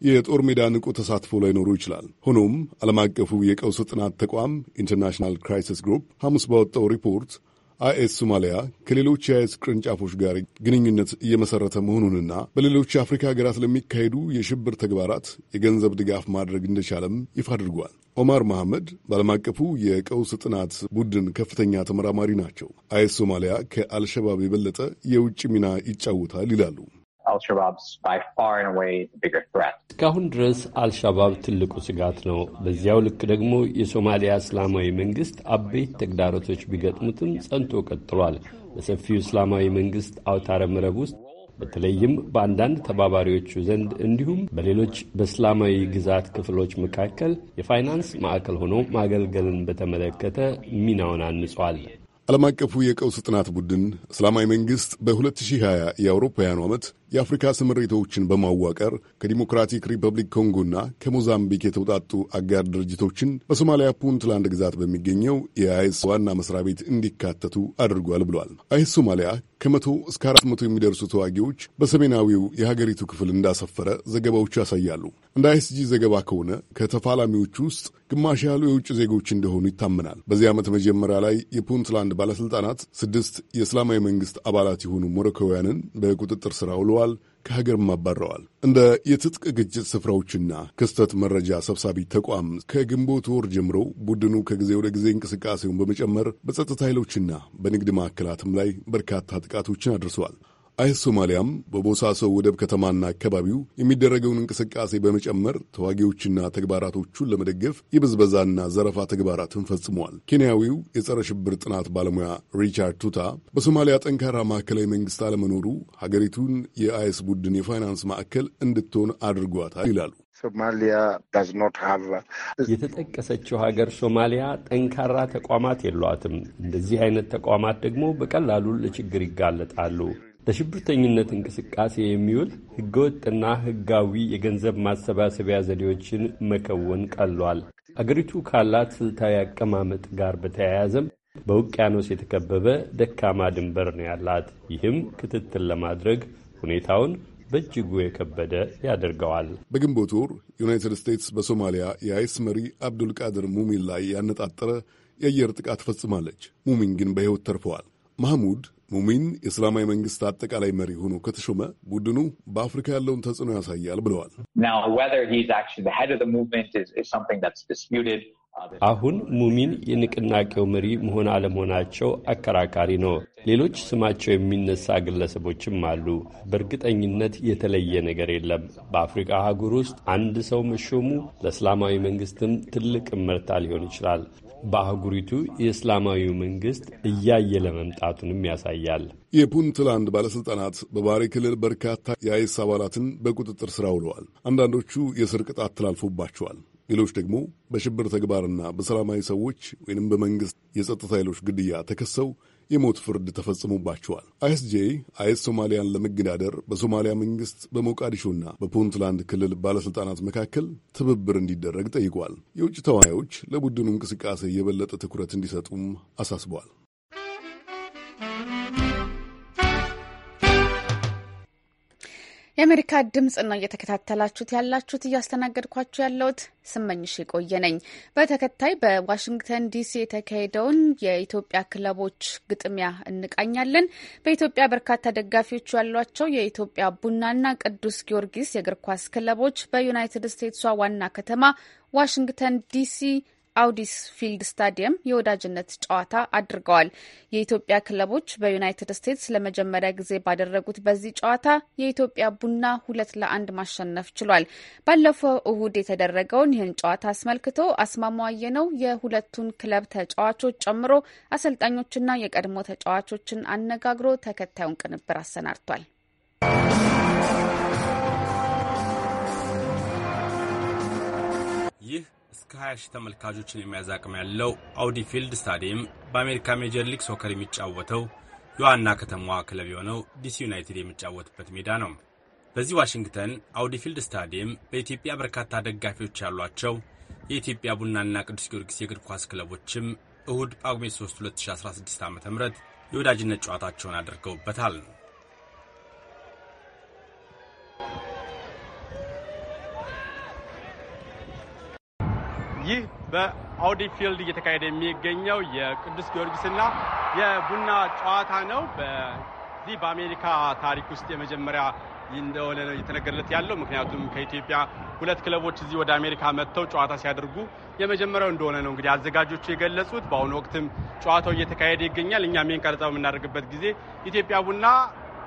የጦር ሜዳ ንቁ ተሳትፎ ላይኖሩ ይችላል። ሆኖም ዓለም አቀፉ የቀውስ ጥናት ተቋም ኢንተርናሽናል ክራይሲስ ግሩፕ ሐሙስ ባወጣው ሪፖርት አይኤስ ሶማሊያ ከሌሎች የአይኤስ ቅርንጫፎች ጋር ግንኙነት እየመሰረተ መሆኑንና በሌሎች የአፍሪካ ሀገራት ለሚካሄዱ የሽብር ተግባራት የገንዘብ ድጋፍ ማድረግ እንደቻለም ይፋ አድርጓል። ኦማር መሐመድ በዓለም አቀፉ የቀውስ ጥናት ቡድን ከፍተኛ ተመራማሪ ናቸው። አይስ ሶማሊያ ከአልሸባብ የበለጠ የውጭ ሚና ይጫወታል ይላሉ። እስካሁን ድረስ አልሻባብ ትልቁ ስጋት ነው። በዚያው ልክ ደግሞ የሶማሊያ እስላማዊ መንግስት አበይት ተግዳሮቶች ቢገጥሙትም ጸንቶ ቀጥሏል። በሰፊው እስላማዊ መንግስት አውታረ መረብ ውስጥ በተለይም በአንዳንድ ተባባሪዎቹ ዘንድ እንዲሁም በሌሎች በእስላማዊ ግዛት ክፍሎች መካከል የፋይናንስ ማዕከል ሆኖ ማገልገልን በተመለከተ ሚናውን አንጿል። ዓለም አቀፉ የቀውስ ጥናት ቡድን እስላማዊ መንግሥት በ2020 የአውሮፓውያኑ ዓመት የአፍሪካ ስምሪቶችን በማዋቀር ከዲሞክራቲክ ሪፐብሊክ ኮንጎና ከሞዛምቢክ የተውጣጡ አጋር ድርጅቶችን በሶማሊያ ፑንትላንድ ግዛት በሚገኘው የአይስ ዋና መስሪያ ቤት እንዲካተቱ አድርጓል ብሏል። አይስ ሶማሊያ ከመቶ እስከ አራት መቶ የሚደርሱ ተዋጊዎች በሰሜናዊው የሀገሪቱ ክፍል እንዳሰፈረ ዘገባዎቹ ያሳያሉ። እንደ አይስጂ ዘገባ ከሆነ ከተፋላሚዎቹ ውስጥ ግማሽ ያሉ የውጭ ዜጎች እንደሆኑ ይታመናል። በዚህ ዓመት መጀመሪያ ላይ የፑንትላንድ ባለሥልጣናት ስድስት የእስላማዊ መንግሥት አባላት የሆኑ ሞሮኮውያንን በቁጥጥር ሥር አውለዋል። አስረዋል፣ ከሀገርም አባረዋል። እንደ የትጥቅ ግጭት ስፍራዎችና ክስተት መረጃ ሰብሳቢ ተቋም ከግንቦት ወር ጀምሮ ቡድኑ ከጊዜ ወደ ጊዜ እንቅስቃሴውን በመጨመር በጸጥታ ኃይሎችና በንግድ ማዕከላትም ላይ በርካታ ጥቃቶችን አድርሰዋል። አይስ ሶማሊያም በቦሳሶ ወደብ ከተማና አካባቢው የሚደረገውን እንቅስቃሴ በመጨመር ተዋጊዎችና ተግባራቶቹን ለመደገፍ የብዝበዛና ዘረፋ ተግባራትን ፈጽመዋል። ኬንያዊው የጸረ ሽብር ጥናት ባለሙያ ሪቻርድ ቱታ በሶማሊያ ጠንካራ ማዕከላዊ መንግስት አለመኖሩ ሀገሪቱን የአይስ ቡድን የፋይናንስ ማዕከል እንድትሆን አድርጓታል ይላሉ። የተጠቀሰችው ሀገር ሶማሊያ ጠንካራ ተቋማት የሏትም። እንደዚህ አይነት ተቋማት ደግሞ በቀላሉ ለችግር ይጋለጣሉ። ለሽብርተኝነት እንቅስቃሴ የሚውል ህገወጥና ህጋዊ የገንዘብ ማሰባሰቢያ ዘዴዎችን መከወን ቀሏል። አገሪቱ ካላት ስልታዊ አቀማመጥ ጋር በተያያዘም በውቅያኖስ የተከበበ ደካማ ድንበር ነው ያላት። ይህም ክትትል ለማድረግ ሁኔታውን በእጅጉ የከበደ ያደርገዋል። በግንቦት ወር ዩናይትድ ስቴትስ በሶማሊያ የአይስ መሪ አብዱልቃድር ሙሚን ላይ ያነጣጠረ የአየር ጥቃት ፈጽማለች። ሙሚን ግን በሕይወት ተርፈዋል። ማህሙድ ሙሚን የእስላማዊ መንግስት አጠቃላይ መሪ ሆኖ ከተሾመ ቡድኑ በአፍሪካ ያለውን ተጽዕኖ ያሳያል ብለዋል። አሁን ሙሚን የንቅናቄው መሪ መሆን አለመሆናቸው አከራካሪ ነው። ሌሎች ስማቸው የሚነሳ ግለሰቦችም አሉ። በእርግጠኝነት የተለየ ነገር የለም። በአፍሪካ አህጉር ውስጥ አንድ ሰው መሾሙ ለእስላማዊ መንግስትም ትልቅ እመርታ ሊሆን ይችላል። በአህጉሪቱ የእስላማዊ መንግስት እያየለ መምጣቱንም ያሳያል። የፑንትላንድ ባለሥልጣናት በባሬ ክልል በርካታ የአይስ አባላትን በቁጥጥር ሥራ ውለዋል። አንዳንዶቹ የእስር ቅጣት ተላልፎባቸዋል። ሌሎች ደግሞ በሽብር ተግባርና በሰላማዊ ሰዎች ወይንም በመንግሥት የጸጥታ ኃይሎች ግድያ ተከሰው የሞት ፍርድ ተፈጽሞባቸዋል። አይስጄ አይስ ሶማሊያን ለመገዳደር በሶማሊያ መንግስት በሞቃዲሾና በፑንትላንድ ክልል ባለስልጣናት መካከል ትብብር እንዲደረግ ጠይቋል። የውጭ ተዋናዮች ለቡድኑ እንቅስቃሴ የበለጠ ትኩረት እንዲሰጡም አሳስበዋል። የአሜሪካ ድምጽ ነው እየተከታተላችሁት ያላችሁት። እያስተናገድኳችሁ ያለሁት ስመኝሽ የቆየ ነኝ። በተከታይ በዋሽንግተን ዲሲ የተካሄደውን የኢትዮጵያ ክለቦች ግጥሚያ እንቃኛለን። በኢትዮጵያ በርካታ ደጋፊዎች ያሏቸው የኢትዮጵያ ቡናና ቅዱስ ጊዮርጊስ የእግር ኳስ ክለቦች በዩናይትድ ስቴትሷ ዋና ከተማ ዋሽንግተን ዲሲ አውዲስ ፊልድ ስታዲየም የወዳጅነት ጨዋታ አድርገዋል። የኢትዮጵያ ክለቦች በዩናይትድ ስቴትስ ለመጀመሪያ ጊዜ ባደረጉት በዚህ ጨዋታ የኢትዮጵያ ቡና ሁለት ለአንድ ማሸነፍ ችሏል። ባለፈው እሁድ የተደረገውን ይህን ጨዋታ አስመልክቶ አስማማየ ነው የሁለቱን ክለብ ተጫዋቾች ጨምሮ አሰልጣኞችና የቀድሞ ተጫዋቾችን አነጋግሮ ተከታዩን ቅንብር አሰናድቷል። ይህ እስከ 20 ሺህ ተመልካቾችን የመያዝ አቅም ያለው አውዲ ፊልድ ስታዲየም በአሜሪካ ሜጀር ሊግ ሶከር የሚጫወተው የዋና ከተማዋ ክለብ የሆነው ዲሲ ዩናይትድ የሚጫወትበት ሜዳ ነው። በዚህ ዋሽንግተን አውዲ ፊልድ ስታዲየም በኢትዮጵያ በርካታ ደጋፊዎች ያሏቸው የኢትዮጵያ ቡናና ቅዱስ ጊዮርጊስ የእግር ኳስ ክለቦችም እሁድ ጳጉሜ 3 2016 ዓ ም የወዳጅነት ጨዋታቸውን አድርገውበታል። ይህ በአውዲ ፊልድ እየተካሄደ የሚገኘው የቅዱስ ጊዮርጊስና የቡና ጨዋታ ነው። በዚህ በአሜሪካ ታሪክ ውስጥ የመጀመሪያ እንደሆነ ነው ያለው። ምክንያቱም ከኢትዮጵያ ሁለት ክለቦች እዚህ ወደ አሜሪካ መጥተው ጨዋታ ሲያደርጉ የመጀመሪያው እንደሆነ ነው እንግዲህ አዘጋጆቹ የገለጹት። በአሁኑ ወቅትም ጨዋታው እየተካሄደ ይገኛል። እኛ ሜን ቀረጻ በምናደርግበት ጊዜ ኢትዮጵያ ቡና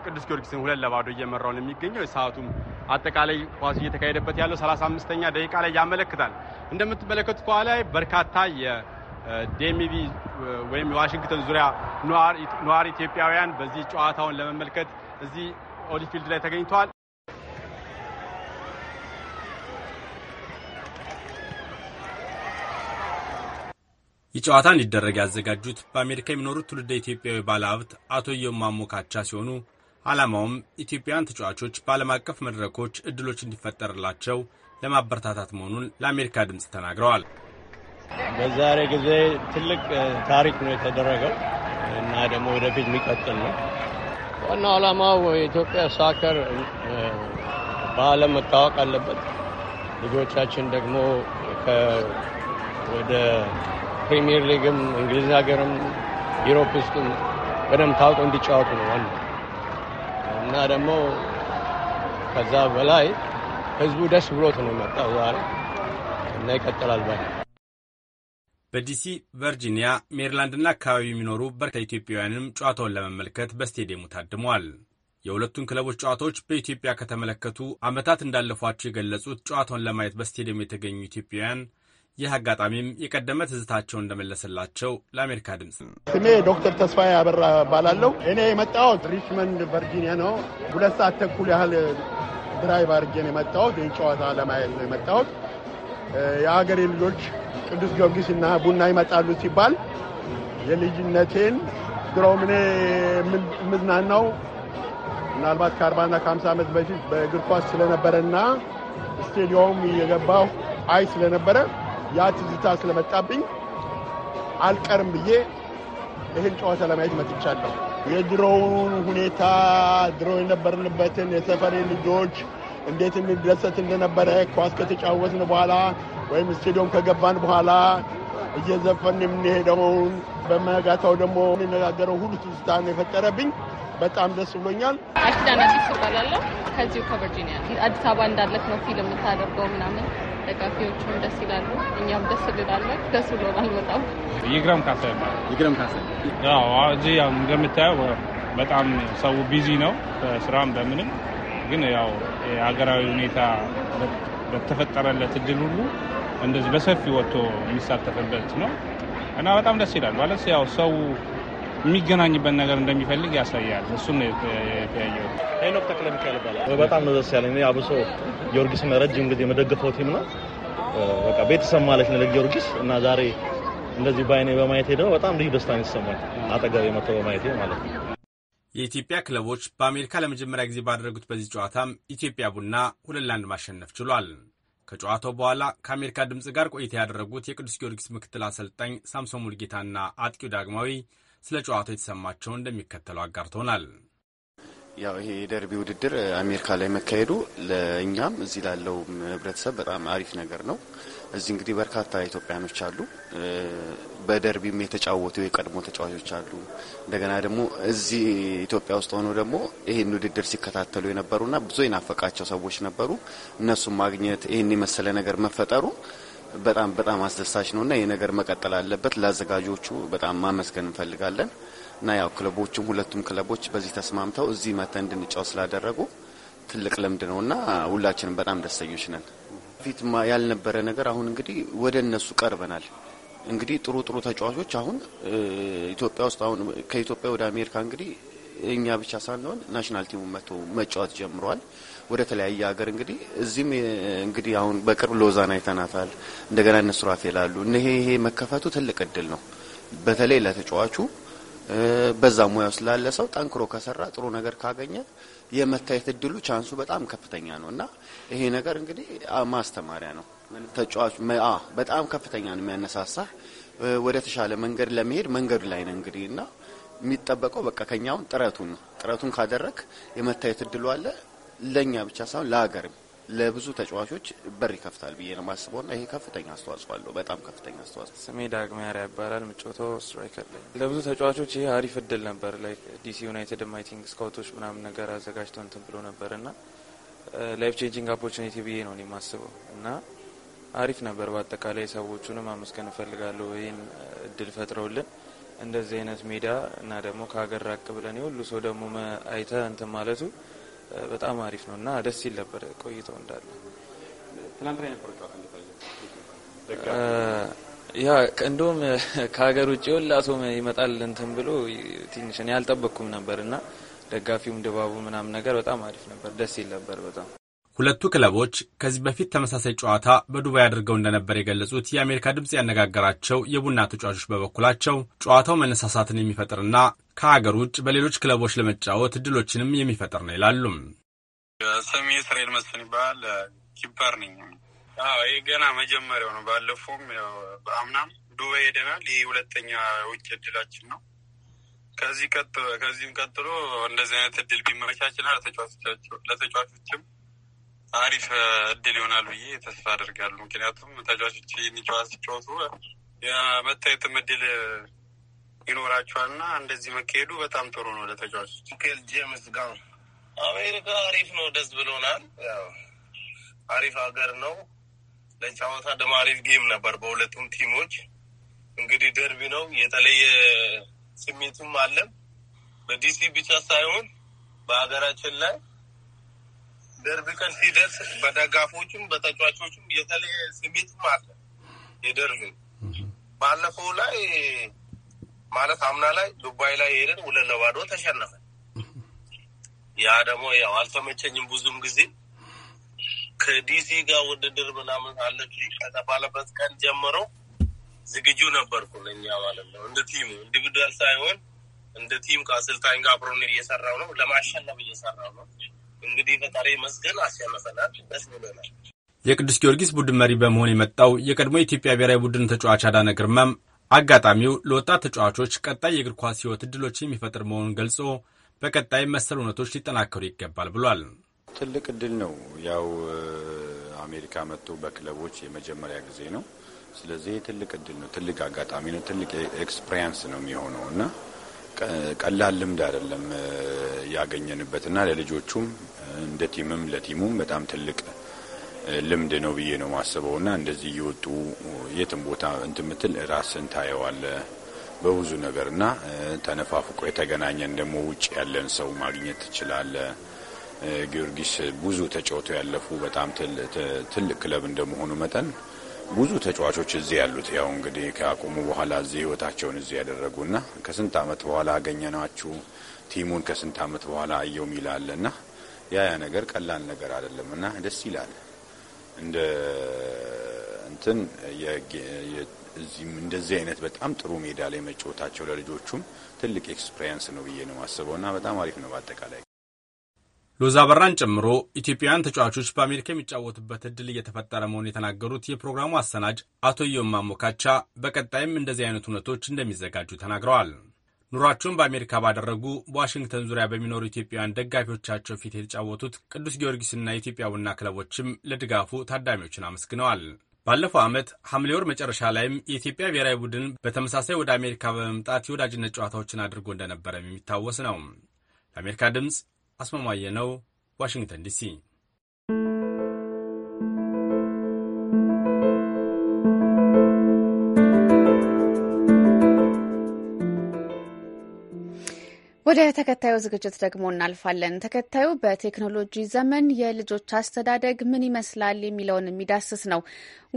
ቅዱስ ጊዮርጊስን ሁለት ለባዶ እየመራው ነው የሚገኘው። የሰዓቱም አጠቃላይ ኳስ እየተካሄደበት ያለው 35ኛ ደቂቃ ላይ ያመለክታል። እንደምትመለከቱት ከኋላ በርካታ የዴሚቪ ወይም የዋሽንግተን ዙሪያ ነዋሪ ኢትዮጵያውያን በዚህ ጨዋታውን ለመመልከት እዚህ ኦሊፊልድ ላይ ተገኝተዋል። የጨዋታ እንዲደረግ ያዘጋጁት በአሜሪካ የሚኖሩት ትውልደ ኢትዮጵያዊ ባለሀብት አቶ የማሞ ሲሆኑ ዓላማውም ኢትዮጵያን ተጫዋቾች በዓለም አቀፍ መድረኮች እድሎች እንዲፈጠርላቸው ለማበረታታት መሆኑን ለአሜሪካ ድምፅ ተናግረዋል። በዛሬ ጊዜ ትልቅ ታሪክ ነው የተደረገው እና ደግሞ ወደፊት የሚቀጥል ነው። ዋናው ዓላማው የኢትዮጵያ ሳከር በዓለም መታወቅ አለበት። ልጆቻችን ደግሞ ወደ ፕሪሚየር ሊግም እንግሊዝ ሀገርም ዩሮፕ ውስጥም በደንብ ታውቀው እንዲጫወቱ ነው ዋናው እና ደግሞ ከዛ በላይ ህዝቡ ደስ ብሎት ነው የመጣው ዛሬ እና ይቀጥላል ባይ በዲሲ፣ ቨርጂኒያ፣ ሜሪላንድና አካባቢ የሚኖሩ በርካታ ኢትዮጵያውያንም ጨዋታውን ለመመልከት በስቴዲየሙ ታድመዋል። የሁለቱን ክለቦች ጨዋታዎች በኢትዮጵያ ከተመለከቱ ዓመታት እንዳለፏቸው የገለጹት ጨዋታውን ለማየት በስቴዲየሙ የተገኙ ኢትዮጵያውያን ይህ አጋጣሚም የቀደመ ትዝታቸውን እንደመለሰላቸው ለአሜሪካ ድምፅ ስሜ ዶክተር ተስፋዬ አበራ እባላለሁ። እኔ የመጣሁት ሪችመንድ ቨርጂኒያ ነው። ሁለት ሰዓት ተኩል ያህል ድራይቭ አድርጌ ነው የመጣሁት። ይህን ጨዋታ ለማየት ነው የመጣሁት። የሀገሬ ልጆች ቅዱስ ጊዮርጊስ እና ቡና ይመጣሉ ሲባል የልጅነቴን ድሮም እኔ የምዝናናው ምናልባት ከአርባና ከሀምሳ ዓመት በፊት በእግር ኳስ ስለነበረና ስቴዲየም እየገባሁ አይ ስለነበረ ያ ትዝታ ስለመጣብኝ አልቀርም ብዬ ይህን ጨዋታ ለማየት መጥቻለሁ። የድሮውን ሁኔታ ድሮ የነበርንበትን የሰፈሬ ልጆች እንዴት እንደደሰት እንደነበረ ኳስ ከተጫወትን በኋላ ወይም ስቴዲዮም ከገባን በኋላ እየዘፈን የምንሄደውን በመጋታው ደግሞ የምንነጋገረው ሁሉ ትዝታ ነው የፈጠረብኝ። በጣም ደስ ብሎኛል። አሽዳን አዲስ እባላለሁ። ከዚሁ ከቨርጂኒያ አዲስ አበባ እንዳለክ ነው ፊልም የምታደርገው ምናምን ደጋፊዎቹም ደስ ይላሉ፣ እኛም ደስ ልላለን። ደስ ብሎናል በጣም። ይግረም ካሳ ይባላል። ይግረም ካሳ እዚህ ያው እንደምታየው በጣም ሰው ቢዚ ነው በስራም በምንም። ግን ያው የሀገራዊ ሁኔታ በተፈጠረለት እድል ሁሉ እንደዚህ በሰፊ ወጥቶ የሚሳተፍበት ነው እና በጣም ደስ ይላል ማለት ያው ሰው የሚገናኝበት ነገር እንደሚፈልግ ያሳያል። እሱ ነው የተያየው። ሄኖክ ተክለ ሚካኤል ይባላል። በጣም ነው ደስ ያለኝ። አብሶ ጊዮርጊስ ረጅም ጊዜ የመደግፈው ቲም ነው። በቃ ቤተሰብ ማለት ነው ለጊዮርጊስ እና ዛሬ እንደዚህ በአይኔ በማየት ደግሞ በጣም ልዩ ደስታ ይሰማል። አጠገብ የመጥተው በማየት ማለት ነው። የኢትዮጵያ ክለቦች በአሜሪካ ለመጀመሪያ ጊዜ ባደረጉት በዚህ ጨዋታም ኢትዮጵያ ቡና ሁለት ለአንድ ማሸነፍ ችሏል። ከጨዋታው በኋላ ከአሜሪካ ድምፅ ጋር ቆይታ ያደረጉት የቅዱስ ጊዮርጊስ ምክትል አሰልጣኝ ሳምሶን ሙልጌታና አጥቂው ዳግማዊ ስለ ጨዋታው የተሰማቸው እንደሚከተለው አጋርተውናል። ያው ይሄ የደርቢ ውድድር አሜሪካ ላይ መካሄዱ ለእኛም እዚህ ላለው ህብረተሰብ በጣም አሪፍ ነገር ነው። እዚህ እንግዲህ በርካታ ኢትዮጵያኖች አሉ። በደርቢም የተጫወቱ የቀድሞ ተጫዋቾች አሉ። እንደገና ደግሞ እዚህ ኢትዮጵያ ውስጥ ሆኖ ደግሞ ይህን ውድድር ሲከታተሉ የነበሩና ብዙ የናፈቃቸው ሰዎች ነበሩ። እነሱም ማግኘት ይህን የመሰለ ነገር መፈጠሩ በጣም በጣም አስደሳች እና ይህ ነገር መቀጠል አለበት። ለአዘጋጆቹ በጣም ማመስገን እንፈልጋለን እና ያው ክለቦቹም ሁለቱም ክለቦች በዚህ ተስማምተው እዚህ መተን እንድንጫው ስላደረጉ ትልቅ ልምድ እና ሁላችንም በጣም ደስተኞች ነን። ፊት ያልነበረ ነገር አሁን እንግዲህ ወደ እነሱ ቀርበናል። እንግዲህ ጥሩ ጥሩ ተጫዋቾች አሁን ኢትዮጵያ ውስጥ አሁን ከኢትዮጵያ ወደ አሜሪካ እንግዲህ እኛ ብቻ ሳንሆን ናሽናል ቲሙ መቶ መጫወት ጀምሯል። ወደ ተለያየ ሀገር እንግዲህ እዚህም እንግዲህ አሁን በቅርብ ሎዛን አይተናታል። እንደገና እነ ሱራፌል አሉ። ይሄ ይሄ መከፈቱ ትልቅ እድል ነው። በተለይ ለተጫዋቹ በዛ ሙያው ስላለ ሰው ጠንክሮ ከሰራ ጥሩ ነገር ካገኘ የመታየት እድሉ ቻንሱ በጣም ከፍተኛ ነው እና ይሄ ነገር እንግዲህ ማስተማሪያ ነው። ተጫዋቹ በጣም ከፍተኛ ነው የሚያነሳሳ ወደ ተሻለ መንገድ ለመሄድ መንገዱ ላይ ነው እንግዲህ እና የሚጠበቀው በቃ ከኛውን ጥረቱን ነው። ጥረቱን ካደረግ የመታየት እድሉ አለ። ለእኛ ብቻ ሳይሆን ለሀገርም ለብዙ ተጫዋቾች በር ይከፍታል ብዬ ነው የማስበው ና ይሄ ከፍተኛ አስተዋጽኦ አለው። በጣም ከፍተኛ አስተዋጽኦ። ስሜ ዳግማ ያሪያ ይባላል። ምጮቶ ስትራይከር ላይ ለብዙ ተጫዋቾች ይሄ አሪፍ እድል ነበር። ላይክ ዲሲ ዩናይትድ ማይቲንግ ስካውቶች ምናምን ነገር አዘጋጅተው እንትን ብሎ ነበር እና ላይፍ ቼንጂንግ ኦፖርቹኒቲ ብዬ ነው የማስበው እና አሪፍ ነበር። በአጠቃላይ ሰዎቹንም አመስገን እፈልጋለሁ ይህን እድል ፈጥረውልን እንደዚህ አይነት ሜዳ እና ደግሞ ከሀገር ራቅ ብለን የሁሉ ሰው ደግሞ አይተ እንትን ማለቱ በጣም አሪፍ ነው እና ደስ ይል ነበር ቆይተው እንዳለ ያ እንደውም ከሀገር ውጭ ሁላ አቶ ይመጣል እንትን ብሎ ትንሽ እኔ አልጠበቅኩም ነበር እና ደጋፊውም ድባቡ ምናምን ነገር በጣም አሪፍ ነበር፣ ደስ ይል ነበር በጣም ሁለቱ ክለቦች ከዚህ በፊት ተመሳሳይ ጨዋታ በዱባይ አድርገው እንደነበር የገለጹት የአሜሪካ ድምፅ ያነጋገራቸው የቡና ተጫዋቾች በበኩላቸው ጨዋታው መነሳሳትን የሚፈጥርና ከሀገር ውጭ በሌሎች ክለቦች ለመጫወት እድሎችንም የሚፈጥር ነው ይላሉም። ስሜ እስራኤል መስፍን ይባላል። ኪፐር ነኝ። ይህ ገና መጀመሪያው ነው። ባለፈውም በአምናም ዱባይ ሄደናል። ይህ ሁለተኛ ውጭ እድላችን ነው። ከዚህ ከዚህም ቀጥሎ እንደዚህ አይነት እድል ቢመቻችና ለተጫዋቾችም አሪፍ እድል ይሆናል ብዬ ተስፋ አደርጋለሁ። ምክንያቱም ተጫዋቾች ጨዋ ሲጫወቱ የመታየትም እድል ይኖራቸዋል እና እንደዚህ መካሄዱ በጣም ጥሩ ነው ለተጫዋቾች። ጄምስ ጋር አሜሪካ አሪፍ ነው፣ ደስ ብሎናል። አሪፍ ሀገር ነው ለጨዋታ ደግሞ አሪፍ ጌም ነበር በሁለቱም ቲሞች። እንግዲህ ደርቢ ነው፣ የተለየ ስሜቱም አለም በዲሲ ብቻ ሳይሆን በሀገራችን ላይ ደርብ ቀን ሲደርስ በደጋፎችም በተጫዋቾችም የተለየ ስሜትም አለ። የደርብ ባለፈው ላይ ማለት አምና ላይ ዱባይ ላይ ሄደን ሁለት ለባዶ ተሸነፈ። ያ ደግሞ ያው አልተመቸኝም። ብዙም ጊዜ ከዲሲ ጋር ውድድር ምናምን አለች ከተባለበት ቀን ጀምሮ ዝግጁ ነበርኩ እኛ ማለት ነው። እንደ ቲም ኢንዲቪዱዋል ሳይሆን እንደ ቲም ከአሰልጣኝ ጋር አብሮን እየሰራው ነው፣ ለማሸነፍ እየሰራው ነው እንግዲህ ፈጣሪ መስገን አስያመፈናል፣ ደስ ብሎናል። የቅዱስ ጊዮርጊስ ቡድን መሪ በመሆን የመጣው የቀድሞ የኢትዮጵያ ብሔራዊ ቡድን ተጫዋች አዳነ ግርማም አጋጣሚው ለወጣት ተጫዋቾች ቀጣይ የእግር ኳስ ሕይወት እድሎች የሚፈጥር መሆኑን ገልጾ በቀጣይ መሰል እውነቶች ሊጠናከሩ ይገባል ብሏል። ትልቅ እድል ነው። ያው አሜሪካ መጥቶ በክለቦች የመጀመሪያ ጊዜ ነው። ስለዚህ ትልቅ እድል ነው፣ ትልቅ አጋጣሚ ነው፣ ትልቅ ኤክስፔሪንስ ነው የሚሆነው እና ቀላል ልምድ አይደለም ያገኘንበትና ለልጆቹም እንደ ቲምም ለቲሙም በጣም ትልቅ ልምድ ነው ብዬ ነው ማስበው እና እንደዚህ እየወጡ የትም ቦታ እንትምትል ራስን ታየዋለ በብዙ ነገር ና ተነፋፍቆ የተገናኘን ደግሞ ውጭ ያለን ሰው ማግኘት ትችላለ። ጊዮርጊስ ብዙ ተጫውተው ያለፉ በጣም ትልቅ ክለብ እንደመሆኑ መጠን ብዙ ተጫዋቾች እዚህ ያሉት ያው እንግዲህ ከአቁሙ በኋላ እዚህ ህይወታቸውን እዚህ ያደረጉና ከስንት አመት በኋላ አገኘናችሁ ቲሙን ከስንት አመት በኋላ አየው ና ያ ያ ነገር ቀላል ነገር አይደለም እና ደስ ይላል። እንደ እንትን እንደዚህ አይነት በጣም ጥሩ ሜዳ ላይ መጫወታቸው ለልጆቹም ትልቅ ኤክስፔሪየንስ ነው ብዬ ነው እና በጣም አሪፍ ነው በአጠቃላይ ሎዛ በራን ጨምሮ ኢትዮጵያውያን ተጫዋቾች በአሜሪካ የሚጫወቱበት እድል እየተፈጠረ መሆኑ የተናገሩት የፕሮግራሙ አሰናጅ አቶ ዮም ማሞካቻ በቀጣይም እንደዚህ አይነት እውነቶች እንደሚዘጋጁ ተናግረዋል። ኑሯቸውን በአሜሪካ ባደረጉ በዋሽንግተን ዙሪያ በሚኖሩ ኢትዮጵያውያን ደጋፊዎቻቸው ፊት የተጫወቱት ቅዱስ ጊዮርጊስና የኢትዮጵያ ቡና ክለቦችም ለድጋፉ ታዳሚዎችን አመስግነዋል። ባለፈው ዓመት ሐምሌ ወር መጨረሻ ላይም የኢትዮጵያ ብሔራዊ ቡድን በተመሳሳይ ወደ አሜሪካ በመምጣት የወዳጅነት ጨዋታዎችን አድርጎ እንደነበረም የሚታወስ ነው። ለአሜሪካ ድምፅ አስማማየ ነው፣ ዋሽንግተን ዲሲ ወደ ተከታዩ ዝግጅት ደግሞ እናልፋለን። ተከታዩ በቴክኖሎጂ ዘመን የልጆች አስተዳደግ ምን ይመስላል የሚለውን የሚዳስስ ነው።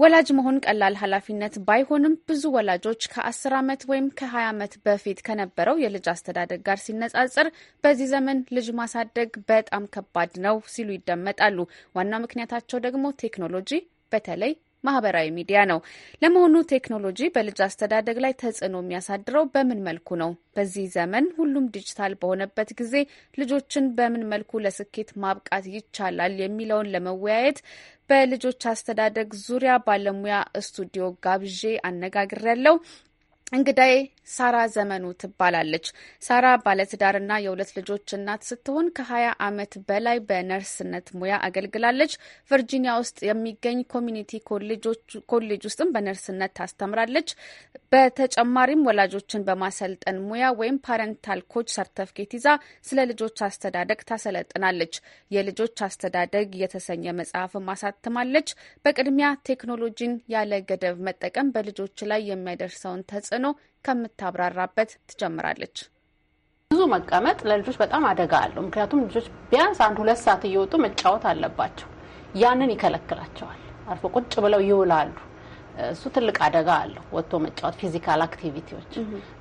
ወላጅ መሆን ቀላል ኃላፊነት ባይሆንም ብዙ ወላጆች ከ10 ዓመት ወይም ከ20 ዓመት በፊት ከነበረው የልጅ አስተዳደግ ጋር ሲነጻጽር በዚህ ዘመን ልጅ ማሳደግ በጣም ከባድ ነው ሲሉ ይደመጣሉ። ዋናው ምክንያታቸው ደግሞ ቴክኖሎጂ በተለይ ማህበራዊ ሚዲያ ነው። ለመሆኑ ቴክኖሎጂ በልጅ አስተዳደግ ላይ ተጽዕኖ የሚያሳድረው በምን መልኩ ነው? በዚህ ዘመን ሁሉም ዲጂታል በሆነበት ጊዜ ልጆችን በምን መልኩ ለስኬት ማብቃት ይቻላል የሚለውን ለመወያየት በልጆች አስተዳደግ ዙሪያ ባለሙያ ስቱዲዮ ጋብዤ አነጋግሬያለሁ። እንግዳዬ ሳራ ዘመኑ ትባላለች። ሳራ ባለትዳርና የሁለት ልጆች እናት ስትሆን ከሀያ ዓመት በላይ በነርስነት ሙያ አገልግላለች። ቨርጂኒያ ውስጥ የሚገኝ ኮሚኒቲ ኮሌጅ ውስጥም በነርስነት ታስተምራለች። በተጨማሪም ወላጆችን በማሰልጠን ሙያ ወይም ፓረንታል ኮች ሰርተፍኬት ይዛ ስለ ልጆች አስተዳደግ ታሰለጥናለች። የልጆች አስተዳደግ የተሰኘ መጽሐፍም አሳትማለች። በቅድሚያ ቴክኖሎጂን ያለ ገደብ መጠቀም በልጆች ላይ የሚያደርሰውን ተጽዕኖ ከምታብራራበት ትጀምራለች። ብዙ መቀመጥ ለልጆች በጣም አደጋ አለው። ምክንያቱም ልጆች ቢያንስ አንድ ሁለት ሰዓት እየወጡ መጫወት አለባቸው። ያንን ይከለክላቸዋል። አርፎ ቁጭ ብለው ይውላሉ። እሱ ትልቅ አደጋ አለው። ወጥቶ መጫወት፣ ፊዚካል አክቲቪቲዎች።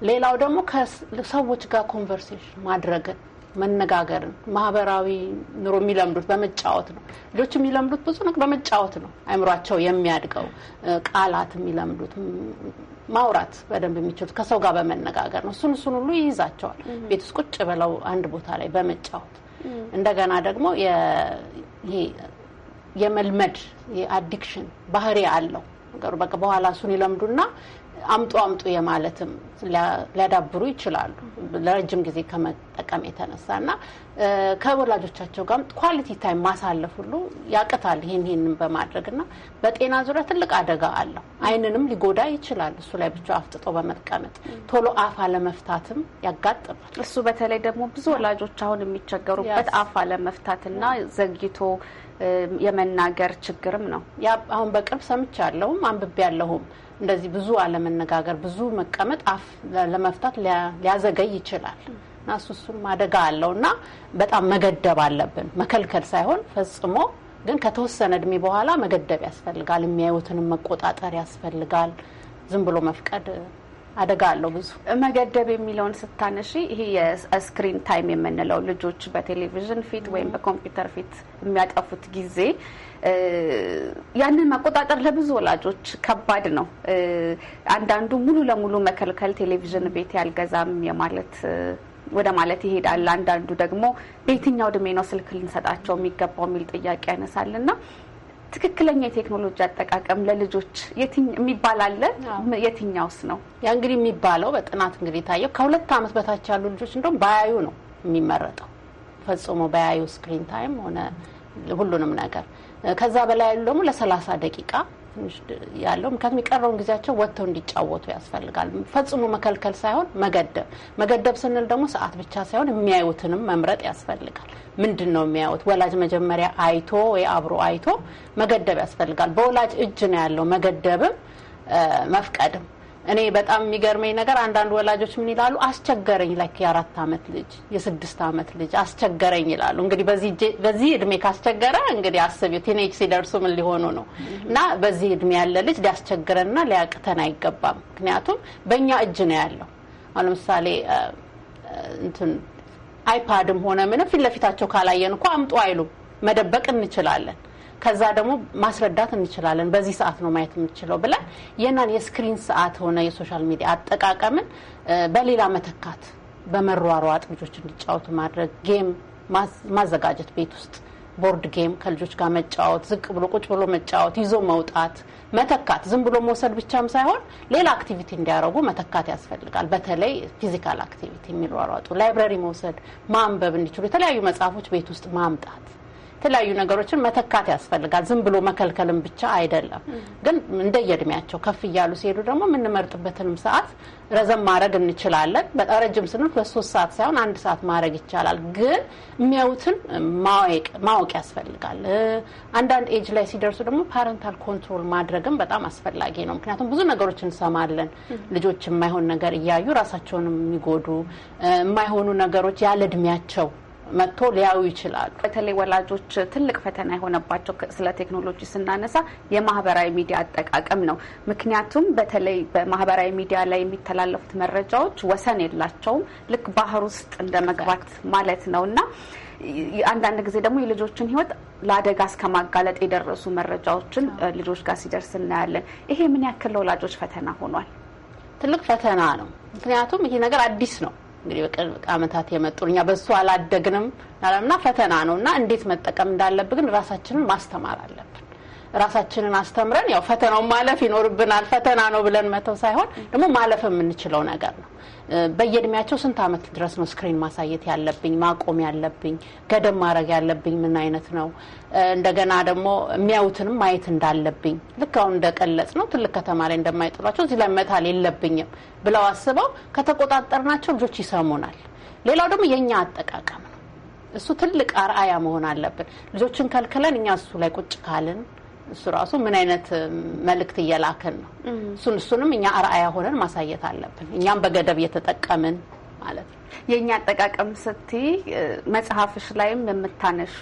ሌላው ደግሞ ከሰዎች ጋር ኮንቨርሴሽን ማድረግን፣ መነጋገርን፣ ማህበራዊ ኑሮ የሚለምዱት በመጫወት ነው። ልጆች የሚለምዱት ብዙ ነገር በመጫወት ነው። አይምሯቸው የሚያድገው ቃላት የሚለምዱት ማውራት በደንብ የሚችሉት ከሰው ጋር በመነጋገር ነው። እሱን እሱን ሁሉ ይይዛቸዋል። ቤት ውስጥ ቁጭ ብለው አንድ ቦታ ላይ በመጫወት እንደገና ደግሞ የመልመድ የአዲክሽን ባህሪ አለው ነገሩ በቃ በኋላ እሱን ይለምዱና አምጡ አምጡ የማለትም ሊያዳብሩ ይችላሉ ለረጅም ጊዜ ከመጠቀም የተነሳ እና ከወላጆቻቸው ጋር ኳሊቲ ታይም ማሳለፍ ሁሉ ያቅታል። ይህን ይህንን በማድረግ እና በጤና ዙሪያ ትልቅ አደጋ አለው። አይንንም ሊጎዳ ይችላል። እሱ ላይ ብቻ አፍጥጦ በመቀመጥ ቶሎ አፍ አለመፍታትም ያጋጥማል። እሱ በተለይ ደግሞ ብዙ ወላጆች አሁን የሚቸገሩበት አፍ አለመፍታትና ዘግይቶ የመናገር ችግርም ነው። ያ አሁን በቅርብ ሰምቻለሁም አንብቤ ያለሁም እንደዚህ ብዙ አለመነጋገር፣ ብዙ መቀመጥ አፍ ለመፍታት ሊያዘገይ ይችላል እና እሱ እሱም አደጋ አለው እና በጣም መገደብ አለብን። መከልከል ሳይሆን ፈጽሞ ግን ከተወሰነ እድሜ በኋላ መገደብ ያስፈልጋል። የሚያዩትንም መቆጣጠር ያስፈልጋል። ዝም ብሎ መፍቀድ አደጋ አለው። ብዙ መገደብ የሚለውን ስታነሺ ይሄ የስክሪን ታይም የምንለው ልጆች በቴሌቪዥን ፊት ወይም በኮምፒውተር ፊት የሚያጠፉት ጊዜ ያንን መቆጣጠር ለብዙ ወላጆች ከባድ ነው። አንዳንዱ ሙሉ ለሙሉ መከልከል ቴሌቪዥን ቤት ያልገዛም የማለት ወደ ማለት ይሄዳል። አንዳንዱ ደግሞ በየትኛው እድሜ ነው ስልክ ልንሰጣቸው የሚገባው የሚል ጥያቄ ያነሳልና ትክክለኛ የቴክኖሎጂ አጠቃቀም ለልጆች የሚባል አለ። የትኛውስ ነው? ያ እንግዲህ የሚባለው በጥናት እንግዲህ የታየው ከሁለት ዓመት በታች ያሉ ልጆች እንደውም በያዩ ነው የሚመረጠው። ፈጽሞ በያዩ ስክሪን ታይም ሆነ ሁሉንም ነገር ከዛ በላይ ያሉ ደግሞ ለሰላሳ ደቂቃ ያለው ምክንያቱም የቀረውን ጊዜያቸው ወጥተው እንዲጫወቱ ያስፈልጋል። ፈጽሞ መከልከል ሳይሆን መገደብ። መገደብ ስንል ደግሞ ሰዓት ብቻ ሳይሆን የሚያዩትንም መምረጥ ያስፈልጋል። ምንድን ነው የሚያዩት? ወላጅ መጀመሪያ አይቶ ወይ አብሮ አይቶ መገደብ ያስፈልጋል። በወላጅ እጅ ነው ያለው መገደብም መፍቀድም እኔ በጣም የሚገርመኝ ነገር አንዳንድ ወላጆች ምን ይላሉ? አስቸገረኝ ላይ የአራት አመት ልጅ የስድስት አመት ልጅ አስቸገረኝ ይላሉ። እንግዲህ በዚህ እድሜ ካስቸገረ እንግዲህ አስቢ ቲኔጅ ሲደርሱ ምን ሊሆኑ ነው። እና በዚህ እድሜ ያለ ልጅ ሊያስቸግረንና ሊያቅተን አይገባም። ምክንያቱም በእኛ እጅ ነው ያለው። አሁን ለምሳሌ እንትን አይፓድም ሆነ ምንም ፊት ለፊታቸው ካላየን እኮ አምጡ አይሉም። መደበቅ እንችላለን ከዛ ደግሞ ማስረዳት እንችላለን። በዚህ ሰዓት ነው ማየት የምችለው ብለን የናን የስክሪን ሰዓት ሆነ የሶሻል ሚዲያ አጠቃቀምን በሌላ መተካት፣ በመሯሯጥ ልጆች እንዲጫወቱ ማድረግ፣ ጌም ማዘጋጀት ቤት ውስጥ ቦርድ ጌም ከልጆች ጋር መጫወት፣ ዝቅ ብሎ ቁጭ ብሎ መጫወት፣ ይዞ መውጣት መተካት፣ ዝም ብሎ መውሰድ ብቻም ሳይሆን ሌላ አክቲቪቲ እንዲያደርጉ መተካት ያስፈልጋል። በተለይ ፊዚካል አክቲቪቲ የሚሯሯጡ ላይብረሪ መውሰድ፣ ማንበብ እንዲችሉ የተለያዩ መጽሐፎች ቤት ውስጥ ማምጣት የተለያዩ ነገሮችን መተካት ያስፈልጋል። ዝም ብሎ መከልከልም ብቻ አይደለም። ግን የእድሜያቸው ከፍ እያሉ ሲሄዱ ደግሞ የምንመርጥበትንም ሰዓት ረዘም ማድረግ እንችላለን። በጣም ረጅም ስንል በሶስት ሰዓት ሳይሆን አንድ ሰዓት ማድረግ ይቻላል። ግን የሚያዩትን ማወቅ ያስፈልጋል። አንዳንድ ኤጅ ላይ ሲደርሱ ደግሞ ፓረንታል ኮንትሮል ማድረግም በጣም አስፈላጊ ነው። ምክንያቱም ብዙ ነገሮች እንሰማለን። ልጆች የማይሆን ነገር እያዩ ራሳቸውን የሚጎዱ የማይሆኑ ነገሮች ያለ እድሜያቸው መጥቶ ሊያዩ ይችላሉ። በተለይ ወላጆች ትልቅ ፈተና የሆነባቸው ስለ ቴክኖሎጂ ስናነሳ የማህበራዊ ሚዲያ አጠቃቀም ነው። ምክንያቱም በተለይ በማህበራዊ ሚዲያ ላይ የሚተላለፉት መረጃዎች ወሰን የላቸውም። ልክ ባህር ውስጥ እንደ መግባት ማለት ነው እና አንዳንድ ጊዜ ደግሞ የልጆችን ህይወት ለአደጋ እስከ ማጋለጥ የደረሱ መረጃዎችን ልጆች ጋር ሲደርስ እናያለን። ይሄ ምን ያክል ለወላጆች ፈተና ሆኗል? ትልቅ ፈተና ነው። ምክንያቱም ይሄ ነገር አዲስ ነው። እንግዲህ በቅርብ ዓመታት የመጡ እኛ በእሱ አላደግንም አለምና ፈተና ነው እና እንዴት መጠቀም እንዳለብን ራሳችንን ማስተማር አለብን። ራሳችንን አስተምረን ያው ፈተናውን ማለፍ ይኖርብናል። ፈተና ነው ብለን መተው ሳይሆን ደግሞ ማለፍ የምንችለው ነገር ነው። በየእድሜያቸው ስንት ዓመት ድረስ ነው ስክሪን ማሳየት ያለብኝ፣ ማቆም ያለብኝ፣ ገደብ ማድረግ ያለብኝ ምን አይነት ነው? እንደገና ደግሞ የሚያዩትንም ማየት እንዳለብኝ ልክ አሁን እንደቀለጽ ነው ትልቅ ከተማ ላይ እንደማይጥሏቸው እዚህ ላይ መታል የለብኝም ብለው አስበው ከተቆጣጠርናቸው ልጆች ይሰሙናል። ሌላው ደግሞ የእኛ አጠቃቀም ነው። እሱ ትልቅ አርአያ መሆን አለብን። ልጆችን ከልክለን እኛ እሱ ላይ ቁጭ ካልን እሱ ራሱ ምን አይነት መልእክት እየላክን ነው? እሱን እሱንም እኛ አርአያ ሆነን ማሳየት አለብን። እኛም በገደብ እየተጠቀምን ማለት ነው። የእኛ አጠቃቀም ስቲ መጽሐፍሽ ላይም የምታነሹ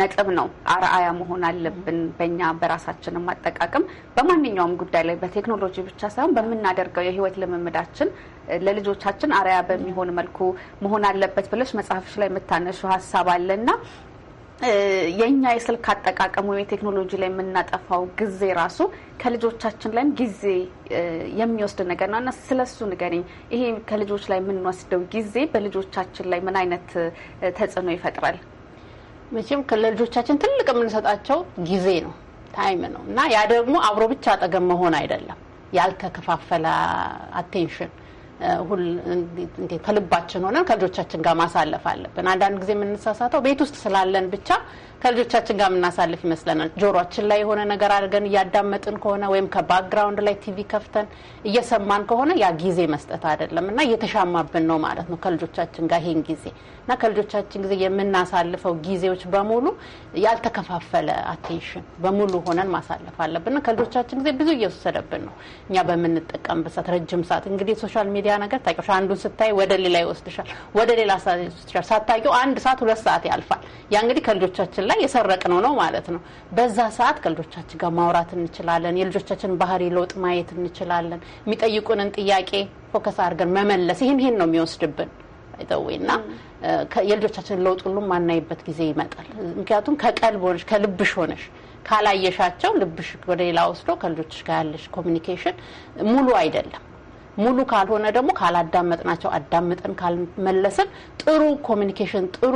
ነጥብ ነው። አርአያ መሆን አለብን በእኛ በራሳችንም አጠቃቀም በማንኛውም ጉዳይ ላይ በቴክኖሎጂ ብቻ ሳይሆን በምናደርገው የህይወት ልምምዳችን ለልጆቻችን አርያ በሚሆን መልኩ መሆን አለበት ብለሽ መጽሐፍሽ ላይ የምታነሹ ሀሳብ አለ እና የእኛ የስልክ አጠቃቀም ወይም የቴክኖሎጂ ላይ የምናጠፋው ጊዜ ራሱ ከልጆቻችን ላይም ጊዜ የሚወስድ ነገር ነው እና ስለሱ ንገሪኝ። ይሄ ከልጆች ላይ የምንወስደው ጊዜ በልጆቻችን ላይ ምን አይነት ተጽዕኖ ይፈጥራል? መቼም ለልጆቻችን ትልቅ የምንሰጣቸው ጊዜ ነው፣ ታይም ነው እና ያ ደግሞ አብሮ ብቻ አጠገብ መሆን አይደለም፣ ያልተከፋፈለ አቴንሽን ከልባችን ሆነን ከልጆቻችን ጋር ማሳለፍ አለብን። አንዳንድ ጊዜ የምንሳሳተው ቤት ውስጥ ስላለን ብቻ ከልጆቻችን ጋር የምናሳልፍ ይመስለናል። ጆሮችን ላይ የሆነ ነገር አድርገን እያዳመጥን ከሆነ ወይም ከባክግራውንድ ላይ ቲቪ ከፍተን እየሰማን ከሆነ ያ ጊዜ መስጠት አይደለም እና እየተሻማብን ነው ማለት ነው ከልጆቻችን ጋር ይሄን ጊዜ እና ከልጆቻችን ጊዜ የምናሳልፈው ጊዜዎች በሙሉ ያልተከፋፈለ አቴንሽን በሙሉ ሆነን ማሳለፍ አለብን። ከልጆቻችን ጊዜ ብዙ እየወሰደብን ነው እኛ በምንጠቀም ሰዓት ረጅም ሰዓት እንግዲህ ሶሻል ሚዲያ ነገር ታውቂያለሽ፣ አንዱን ስታይ ወደ ሌላ ይወስድሻል፣ ወደ ሌላ ሰዓት ይወስድሻል። ሳታውቂው አንድ ሰዓት ሁለት ሰዓት ያልፋል። ያ እንግዲህ ከልጆቻችን ላይ የሰረቅ ነው ማለት ነው። በዛ ሰዓት ከልጆቻችን ጋር ማውራት እንችላለን። የልጆቻችን ባህሪ ለውጥ ማየት እንችላለን። የሚጠይቁንን ጥያቄ ፎከስ አድርገን መመለስ ይህን ይህን ነው የሚወስድብን እና የልጆቻችን ለውጥ ሁሉም ማናይበት ጊዜ ይመጣል። ምክንያቱም ከቀልብ ሆነሽ ከልብሽ ሆነሽ ካላየሻቸው ልብሽ ወደ ሌላ ወስዶ ከልጆች ጋር ያለሽ ኮሚኒኬሽን ሙሉ አይደለም። ሙሉ ካልሆነ ደግሞ ካላዳመጥናቸው አዳምጠን ካልመለስን ጥሩ ኮሚኒኬሽን፣ ጥሩ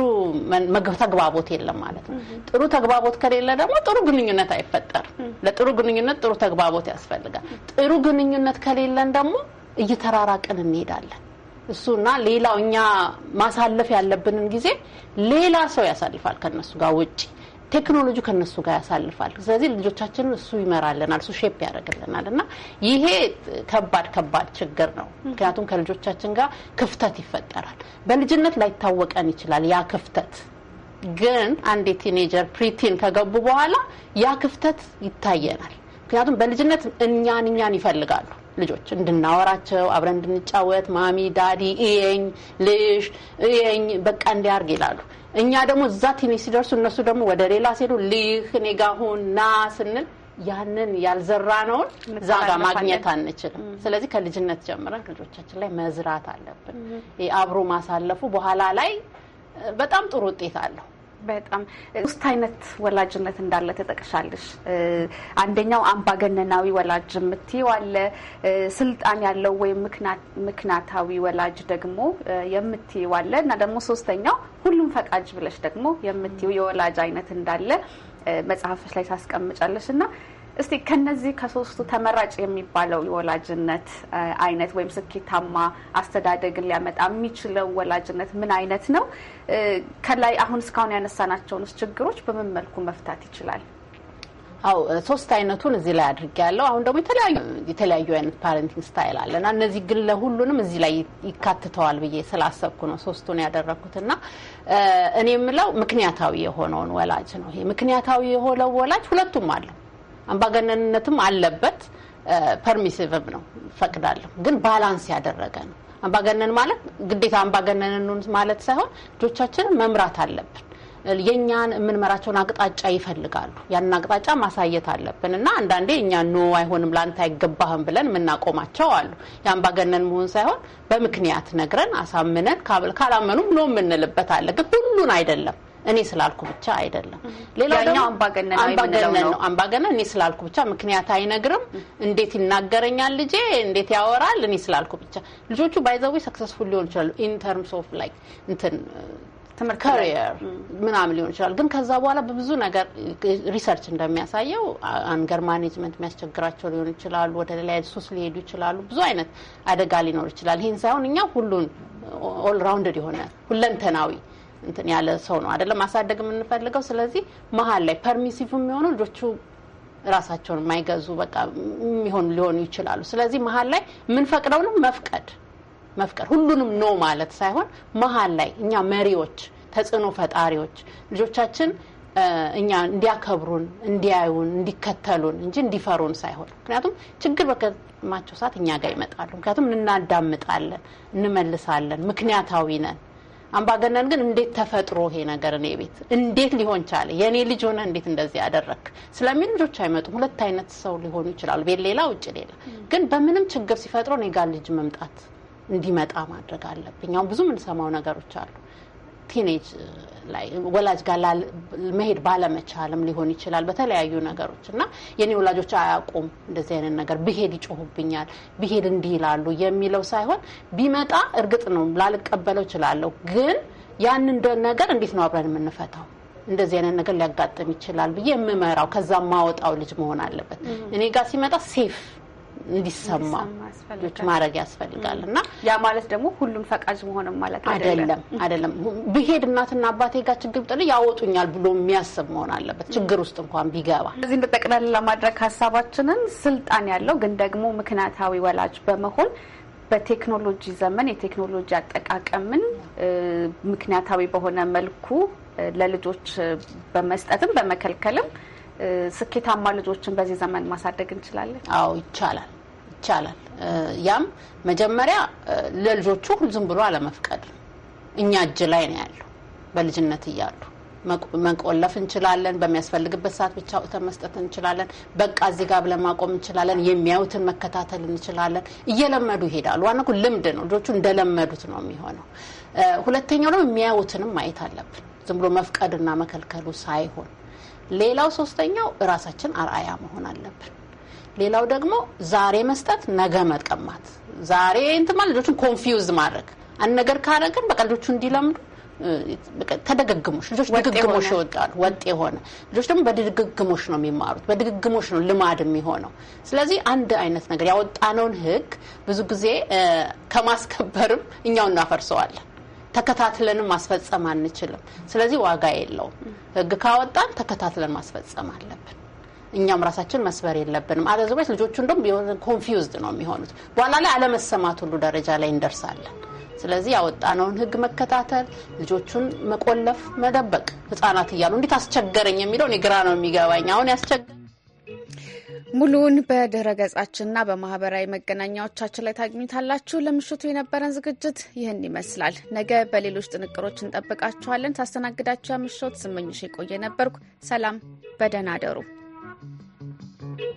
ተግባቦት የለም ማለት ነው። ጥሩ ተግባቦት ከሌለ ደግሞ ጥሩ ግንኙነት አይፈጠርም። ለጥሩ ግንኙነት ጥሩ ተግባቦት ያስፈልጋል። ጥሩ ግንኙነት ከሌለን ደግሞ እየተራራቅን እንሄዳለን። እሱና ሌላው እኛ ማሳለፍ ያለብንን ጊዜ ሌላ ሰው ያሳልፋል ከነሱ ጋር ውጪ ቴክኖሎጂ ከነሱ ጋር ያሳልፋል። ስለዚህ ልጆቻችንን እሱ ይመራልናል፣ እሱ ሼፕ ያደርግልናል እና ይሄ ከባድ ከባድ ችግር ነው። ምክንያቱም ከልጆቻችን ጋር ክፍተት ይፈጠራል። በልጅነት ላይታወቀን ይችላል ያ ክፍተት ግን አንድ ቲኔጀር ፕሪቲን ከገቡ በኋላ ያ ክፍተት ይታየናል። ምክንያቱም በልጅነት እኛን እኛን ይፈልጋሉ ልጆች እንድናወራቸው፣ አብረን እንድንጫወት፣ ማሚ ዳዲ እየኝ ልሽ እየኝ በቃ እንዲያርግ ይላሉ። እኛ ደግሞ እዛ ትንሽ ሲደርሱ እነሱ ደግሞ ወደ ሌላ ሲሄዱ ልህ እኔ ጋ ና ስንል ያንን ያልዘራነውን እዛ ጋር ማግኘት አንችልም። ስለዚህ ከልጅነት ጀምረን ልጆቻችን ላይ መዝራት አለብን። አብሮ ማሳለፉ በኋላ ላይ በጣም ጥሩ ውጤት አለው። በጣም ሶስት አይነት ወላጅነት እንዳለ ተጠቅሻለሽ። አንደኛው አምባገነናዊ ወላጅ የምትይው አለ፣ ስልጣን ያለው ወይም ምክንያታዊ ወላጅ ደግሞ የምትይው አለ እና ደግሞ ሶስተኛው ሁሉም ፈቃጅ ብለሽ ደግሞ የምትይው የወላጅ አይነት እንዳለ መጽሐፎች ላይ ታስቀምጫለሽ እና እስቲ ከነዚህ ከሶስቱ ተመራጭ የሚባለው የወላጅነት አይነት ወይም ስኬታማ አስተዳደግን ሊያመጣ የሚችለው ወላጅነት ምን አይነት ነው? ከላይ አሁን እስካሁን ያነሳናቸውንስ ችግሮች በምን መልኩ መፍታት ይችላል? አው ሶስት አይነቱን እዚህ ላይ አድርጌ ያለው አሁን ደግሞ የተለያዩ የተለያዩ አይነት ፓረንቲንግ ስታይል አለ እና እነዚህ ግን ለሁሉንም እዚህ ላይ ይካትተዋል ብዬ ስላሰብኩ ነው ሶስቱን ያደረግኩት እና እኔ የምለው ምክንያታዊ የሆነውን ወላጅ ነው። ይሄ ምክንያታዊ የሆነው ወላጅ ሁለቱም አለው አምባገነንነትም አለበት። ፐርሚሲቭም ነው ፈቅዳለሁ፣ ግን ባላንስ ያደረገ ነው። አምባገነን ማለት ግዴታ አምባገነንኑን ማለት ሳይሆን ልጆቻችንን መምራት አለብን። የእኛን የምንመራቸውን አቅጣጫ ይፈልጋሉ። ያንን አቅጣጫ ማሳየት አለብን እና አንዳንዴ እኛ ኖ አይሆንም፣ ለአንተ አይገባህም ብለን የምናቆማቸው አሉ። የአምባገነን መሆን ሳይሆን በምክንያት ነግረን አሳምነን ካላመኑም ኖ የምንልበት አለ። ግን ሁሉን አይደለም እኔ ስላልኩ ብቻ አይደለም። ሌላው ደግሞ አምባገነን ነው። አምባገነን እኔ ስላልኩ ብቻ ምክንያት አይነግርም። እንዴት ይናገረኛል ልጄ እንዴት ያወራል እኔ ስላልኩ ብቻ። ልጆቹ ባይዘዊ ሰክሰስፉል ሊሆን ይችላሉ ኢን ተርምስ ኦፍ ላይክ እንትን ከሪየር ምናምን ሊሆን ይችላል። ግን ከዛ በኋላ በብዙ ነገር ሪሰርች እንደሚያሳየው አንገር ማኔጅመንት የሚያስቸግራቸው ሊሆን ይችላሉ። ወደ ሌላ ሱስ ሊሄዱ ይችላሉ። ብዙ አይነት አደጋ ሊኖር ይችላል። ይህን ሳይሆን እኛ ሁሉን ኦል ራውንድድ የሆነ ሁለንተናዊ እንትን ያለ ሰው ነው አይደለም ማሳደግ የምንፈልገው። ስለዚህ መሀል ላይ ፐርሚሲቭ የሚሆኑ ልጆቹ ራሳቸውን የማይገዙ በቃ የሚሆኑ ሊሆኑ ይችላሉ። ስለዚህ መሀል ላይ የምንፈቅደውንም መፍቀድ መፍቀድ ሁሉንም ኖ ማለት ሳይሆን መሀል ላይ እኛ መሪዎች፣ ተጽዕኖ ፈጣሪዎች ልጆቻችን እኛ እንዲያከብሩን፣ እንዲያዩን፣ እንዲከተሉን እንጂ እንዲፈሩን ሳይሆን ምክንያቱም ችግር በከማቸው ሰዓት እኛ ጋር ይመጣሉ። ምክንያቱም እናዳምጣለን፣ እንመልሳለን፣ ምክንያታዊ ነን። አምባገነን ግን እንዴት ተፈጥሮ ይሄ ነገር እኔ ቤት እንዴት ሊሆን ቻለ? የእኔ ልጅ ሆነ እንዴት እንደዚህ ያደረግ ስለሚል ልጆች አይመጡም። ሁለት አይነት ሰው ሊሆኑ ይችላሉ፣ ቤት ሌላ፣ ውጭ ሌላ። ግን በምንም ችግር ሲፈጥሮ እኔ ጋር ልጅ መምጣት እንዲመጣ ማድረግ አለብኝ። አሁን ብዙ የምንሰማው ነገሮች አሉ። ቲኔጅ ላይ ወላጅ ጋር መሄድ ባለመቻልም ሊሆን ይችላል። በተለያዩ ነገሮች እና የኔ ወላጆች አያውቁም እንደዚህ አይነት ነገር ብሄድ ይጮሁብኛል፣ ብሄድ እንዲህ ይላሉ የሚለው ሳይሆን ቢመጣ እርግጥ ነው ላልቀበለው እችላለሁ፣ ግን ያንን ነገር እንዴት ነው አብረን የምንፈታው እንደዚህ አይነት ነገር ሊያጋጥም ይችላል ብዬ የምመራው ከዛ ማወጣው ልጅ መሆን አለበት። እኔ ጋር ሲመጣ ሴፍ እንዲሰማ ማድረግ ያስፈልጋል እና ያ ማለት ደግሞ ሁሉም ፈቃጅ መሆንም ማለት አይደለም። አይደለም ብሄድ እናትና አባቴ ጋር ችግር ብጥል ያወጡኛል ብሎ የሚያስብ መሆን አለበት፣ ችግር ውስጥ እንኳን ቢገባ። እዚህ እንደጠቅላላ ለማድረግ ሀሳባችንን ስልጣን ያለው ግን ደግሞ ምክንያታዊ ወላጅ በመሆን በቴክኖሎጂ ዘመን የቴክኖሎጂ አጠቃቀምን ምክንያታዊ በሆነ መልኩ ለልጆች በመስጠትም በመከልከልም ስኬታማ ልጆችን በዚህ ዘመን ማሳደግ እንችላለን። አዎ ይቻላል። ይቻላል። ያም መጀመሪያ ለልጆቹ ዝም ብሎ አለመፍቀድ እኛ እጅ ላይ ነው ያለው። በልጅነት እያሉ መቆለፍ እንችላለን። በሚያስፈልግበት ሰዓት ብቻ አውጥተን መስጠት እንችላለን። በቃ እዚህ ጋር ብለን ማቆም እንችላለን። የሚያዩትን መከታተል እንችላለን። እየለመዱ ይሄዳሉ። ዋናው ልምድ ነው። ልጆቹ እንደለመዱት ነው የሚሆነው። ሁለተኛው ደግሞ የሚያዩትንም ማየት አለብን። ዝም ብሎ መፍቀድና መከልከሉ ሳይሆን፣ ሌላው ሶስተኛው እራሳችን አርአያ መሆን አለብን። ሌላው ደግሞ ዛሬ መስጠት ነገ መቀማት፣ ዛሬ እንትማ ልጆችን ኮንፊውዝ ማድረግ አንድ ነገር ካረግን በቃ ልጆቹ እንዲለምዱ ተደግግሞሽ ልጆች ድግግሞሽ ይወጣሉ። ወጥ የሆነ ልጆች ደግሞ በድግግሞሽ ነው የሚማሩት፣ በድግግሞሽ ነው ልማድ የሚሆነው። ስለዚህ አንድ አይነት ነገር ያወጣነውን ሕግ ብዙ ጊዜ ከማስከበርም እኛው እናፈርሰዋለን። ተከታትለንም ማስፈጸም አንችልም። ስለዚህ ዋጋ የለውም። ሕግ ካወጣን ተከታትለን ማስፈጸም አለብን። እኛም ራሳችን መስበር የለብንም። አለዚያ ልጆቹ እንደውም ኮንፊውዝድ ነው የሚሆኑት። በኋላ ላይ አለመሰማት ሁሉ ደረጃ ላይ እንደርሳለን። ስለዚህ ያወጣነውን ህግ መከታተል፣ ልጆቹን መቆለፍ፣ መደበቅ ህጻናት እያሉ እንዴት አስቸገረኝ የሚለው እኔ ግራ ነው የሚገባኝ። አሁን ያስቸገ ሙሉውን በድረ ገጻችንና በማህበራዊ መገናኛዎቻችን ላይ ታግኙታላችሁ። ለምሽቱ የነበረን ዝግጅት ይህን ይመስላል። ነገ በሌሎች ጥንቅሮች እንጠብቃችኋለን። ታስተናግዳችሁ ያመሸሁት ስመኝሽ የቆየ ነበርኩ። ሰላም፣ በደህና አደሩ።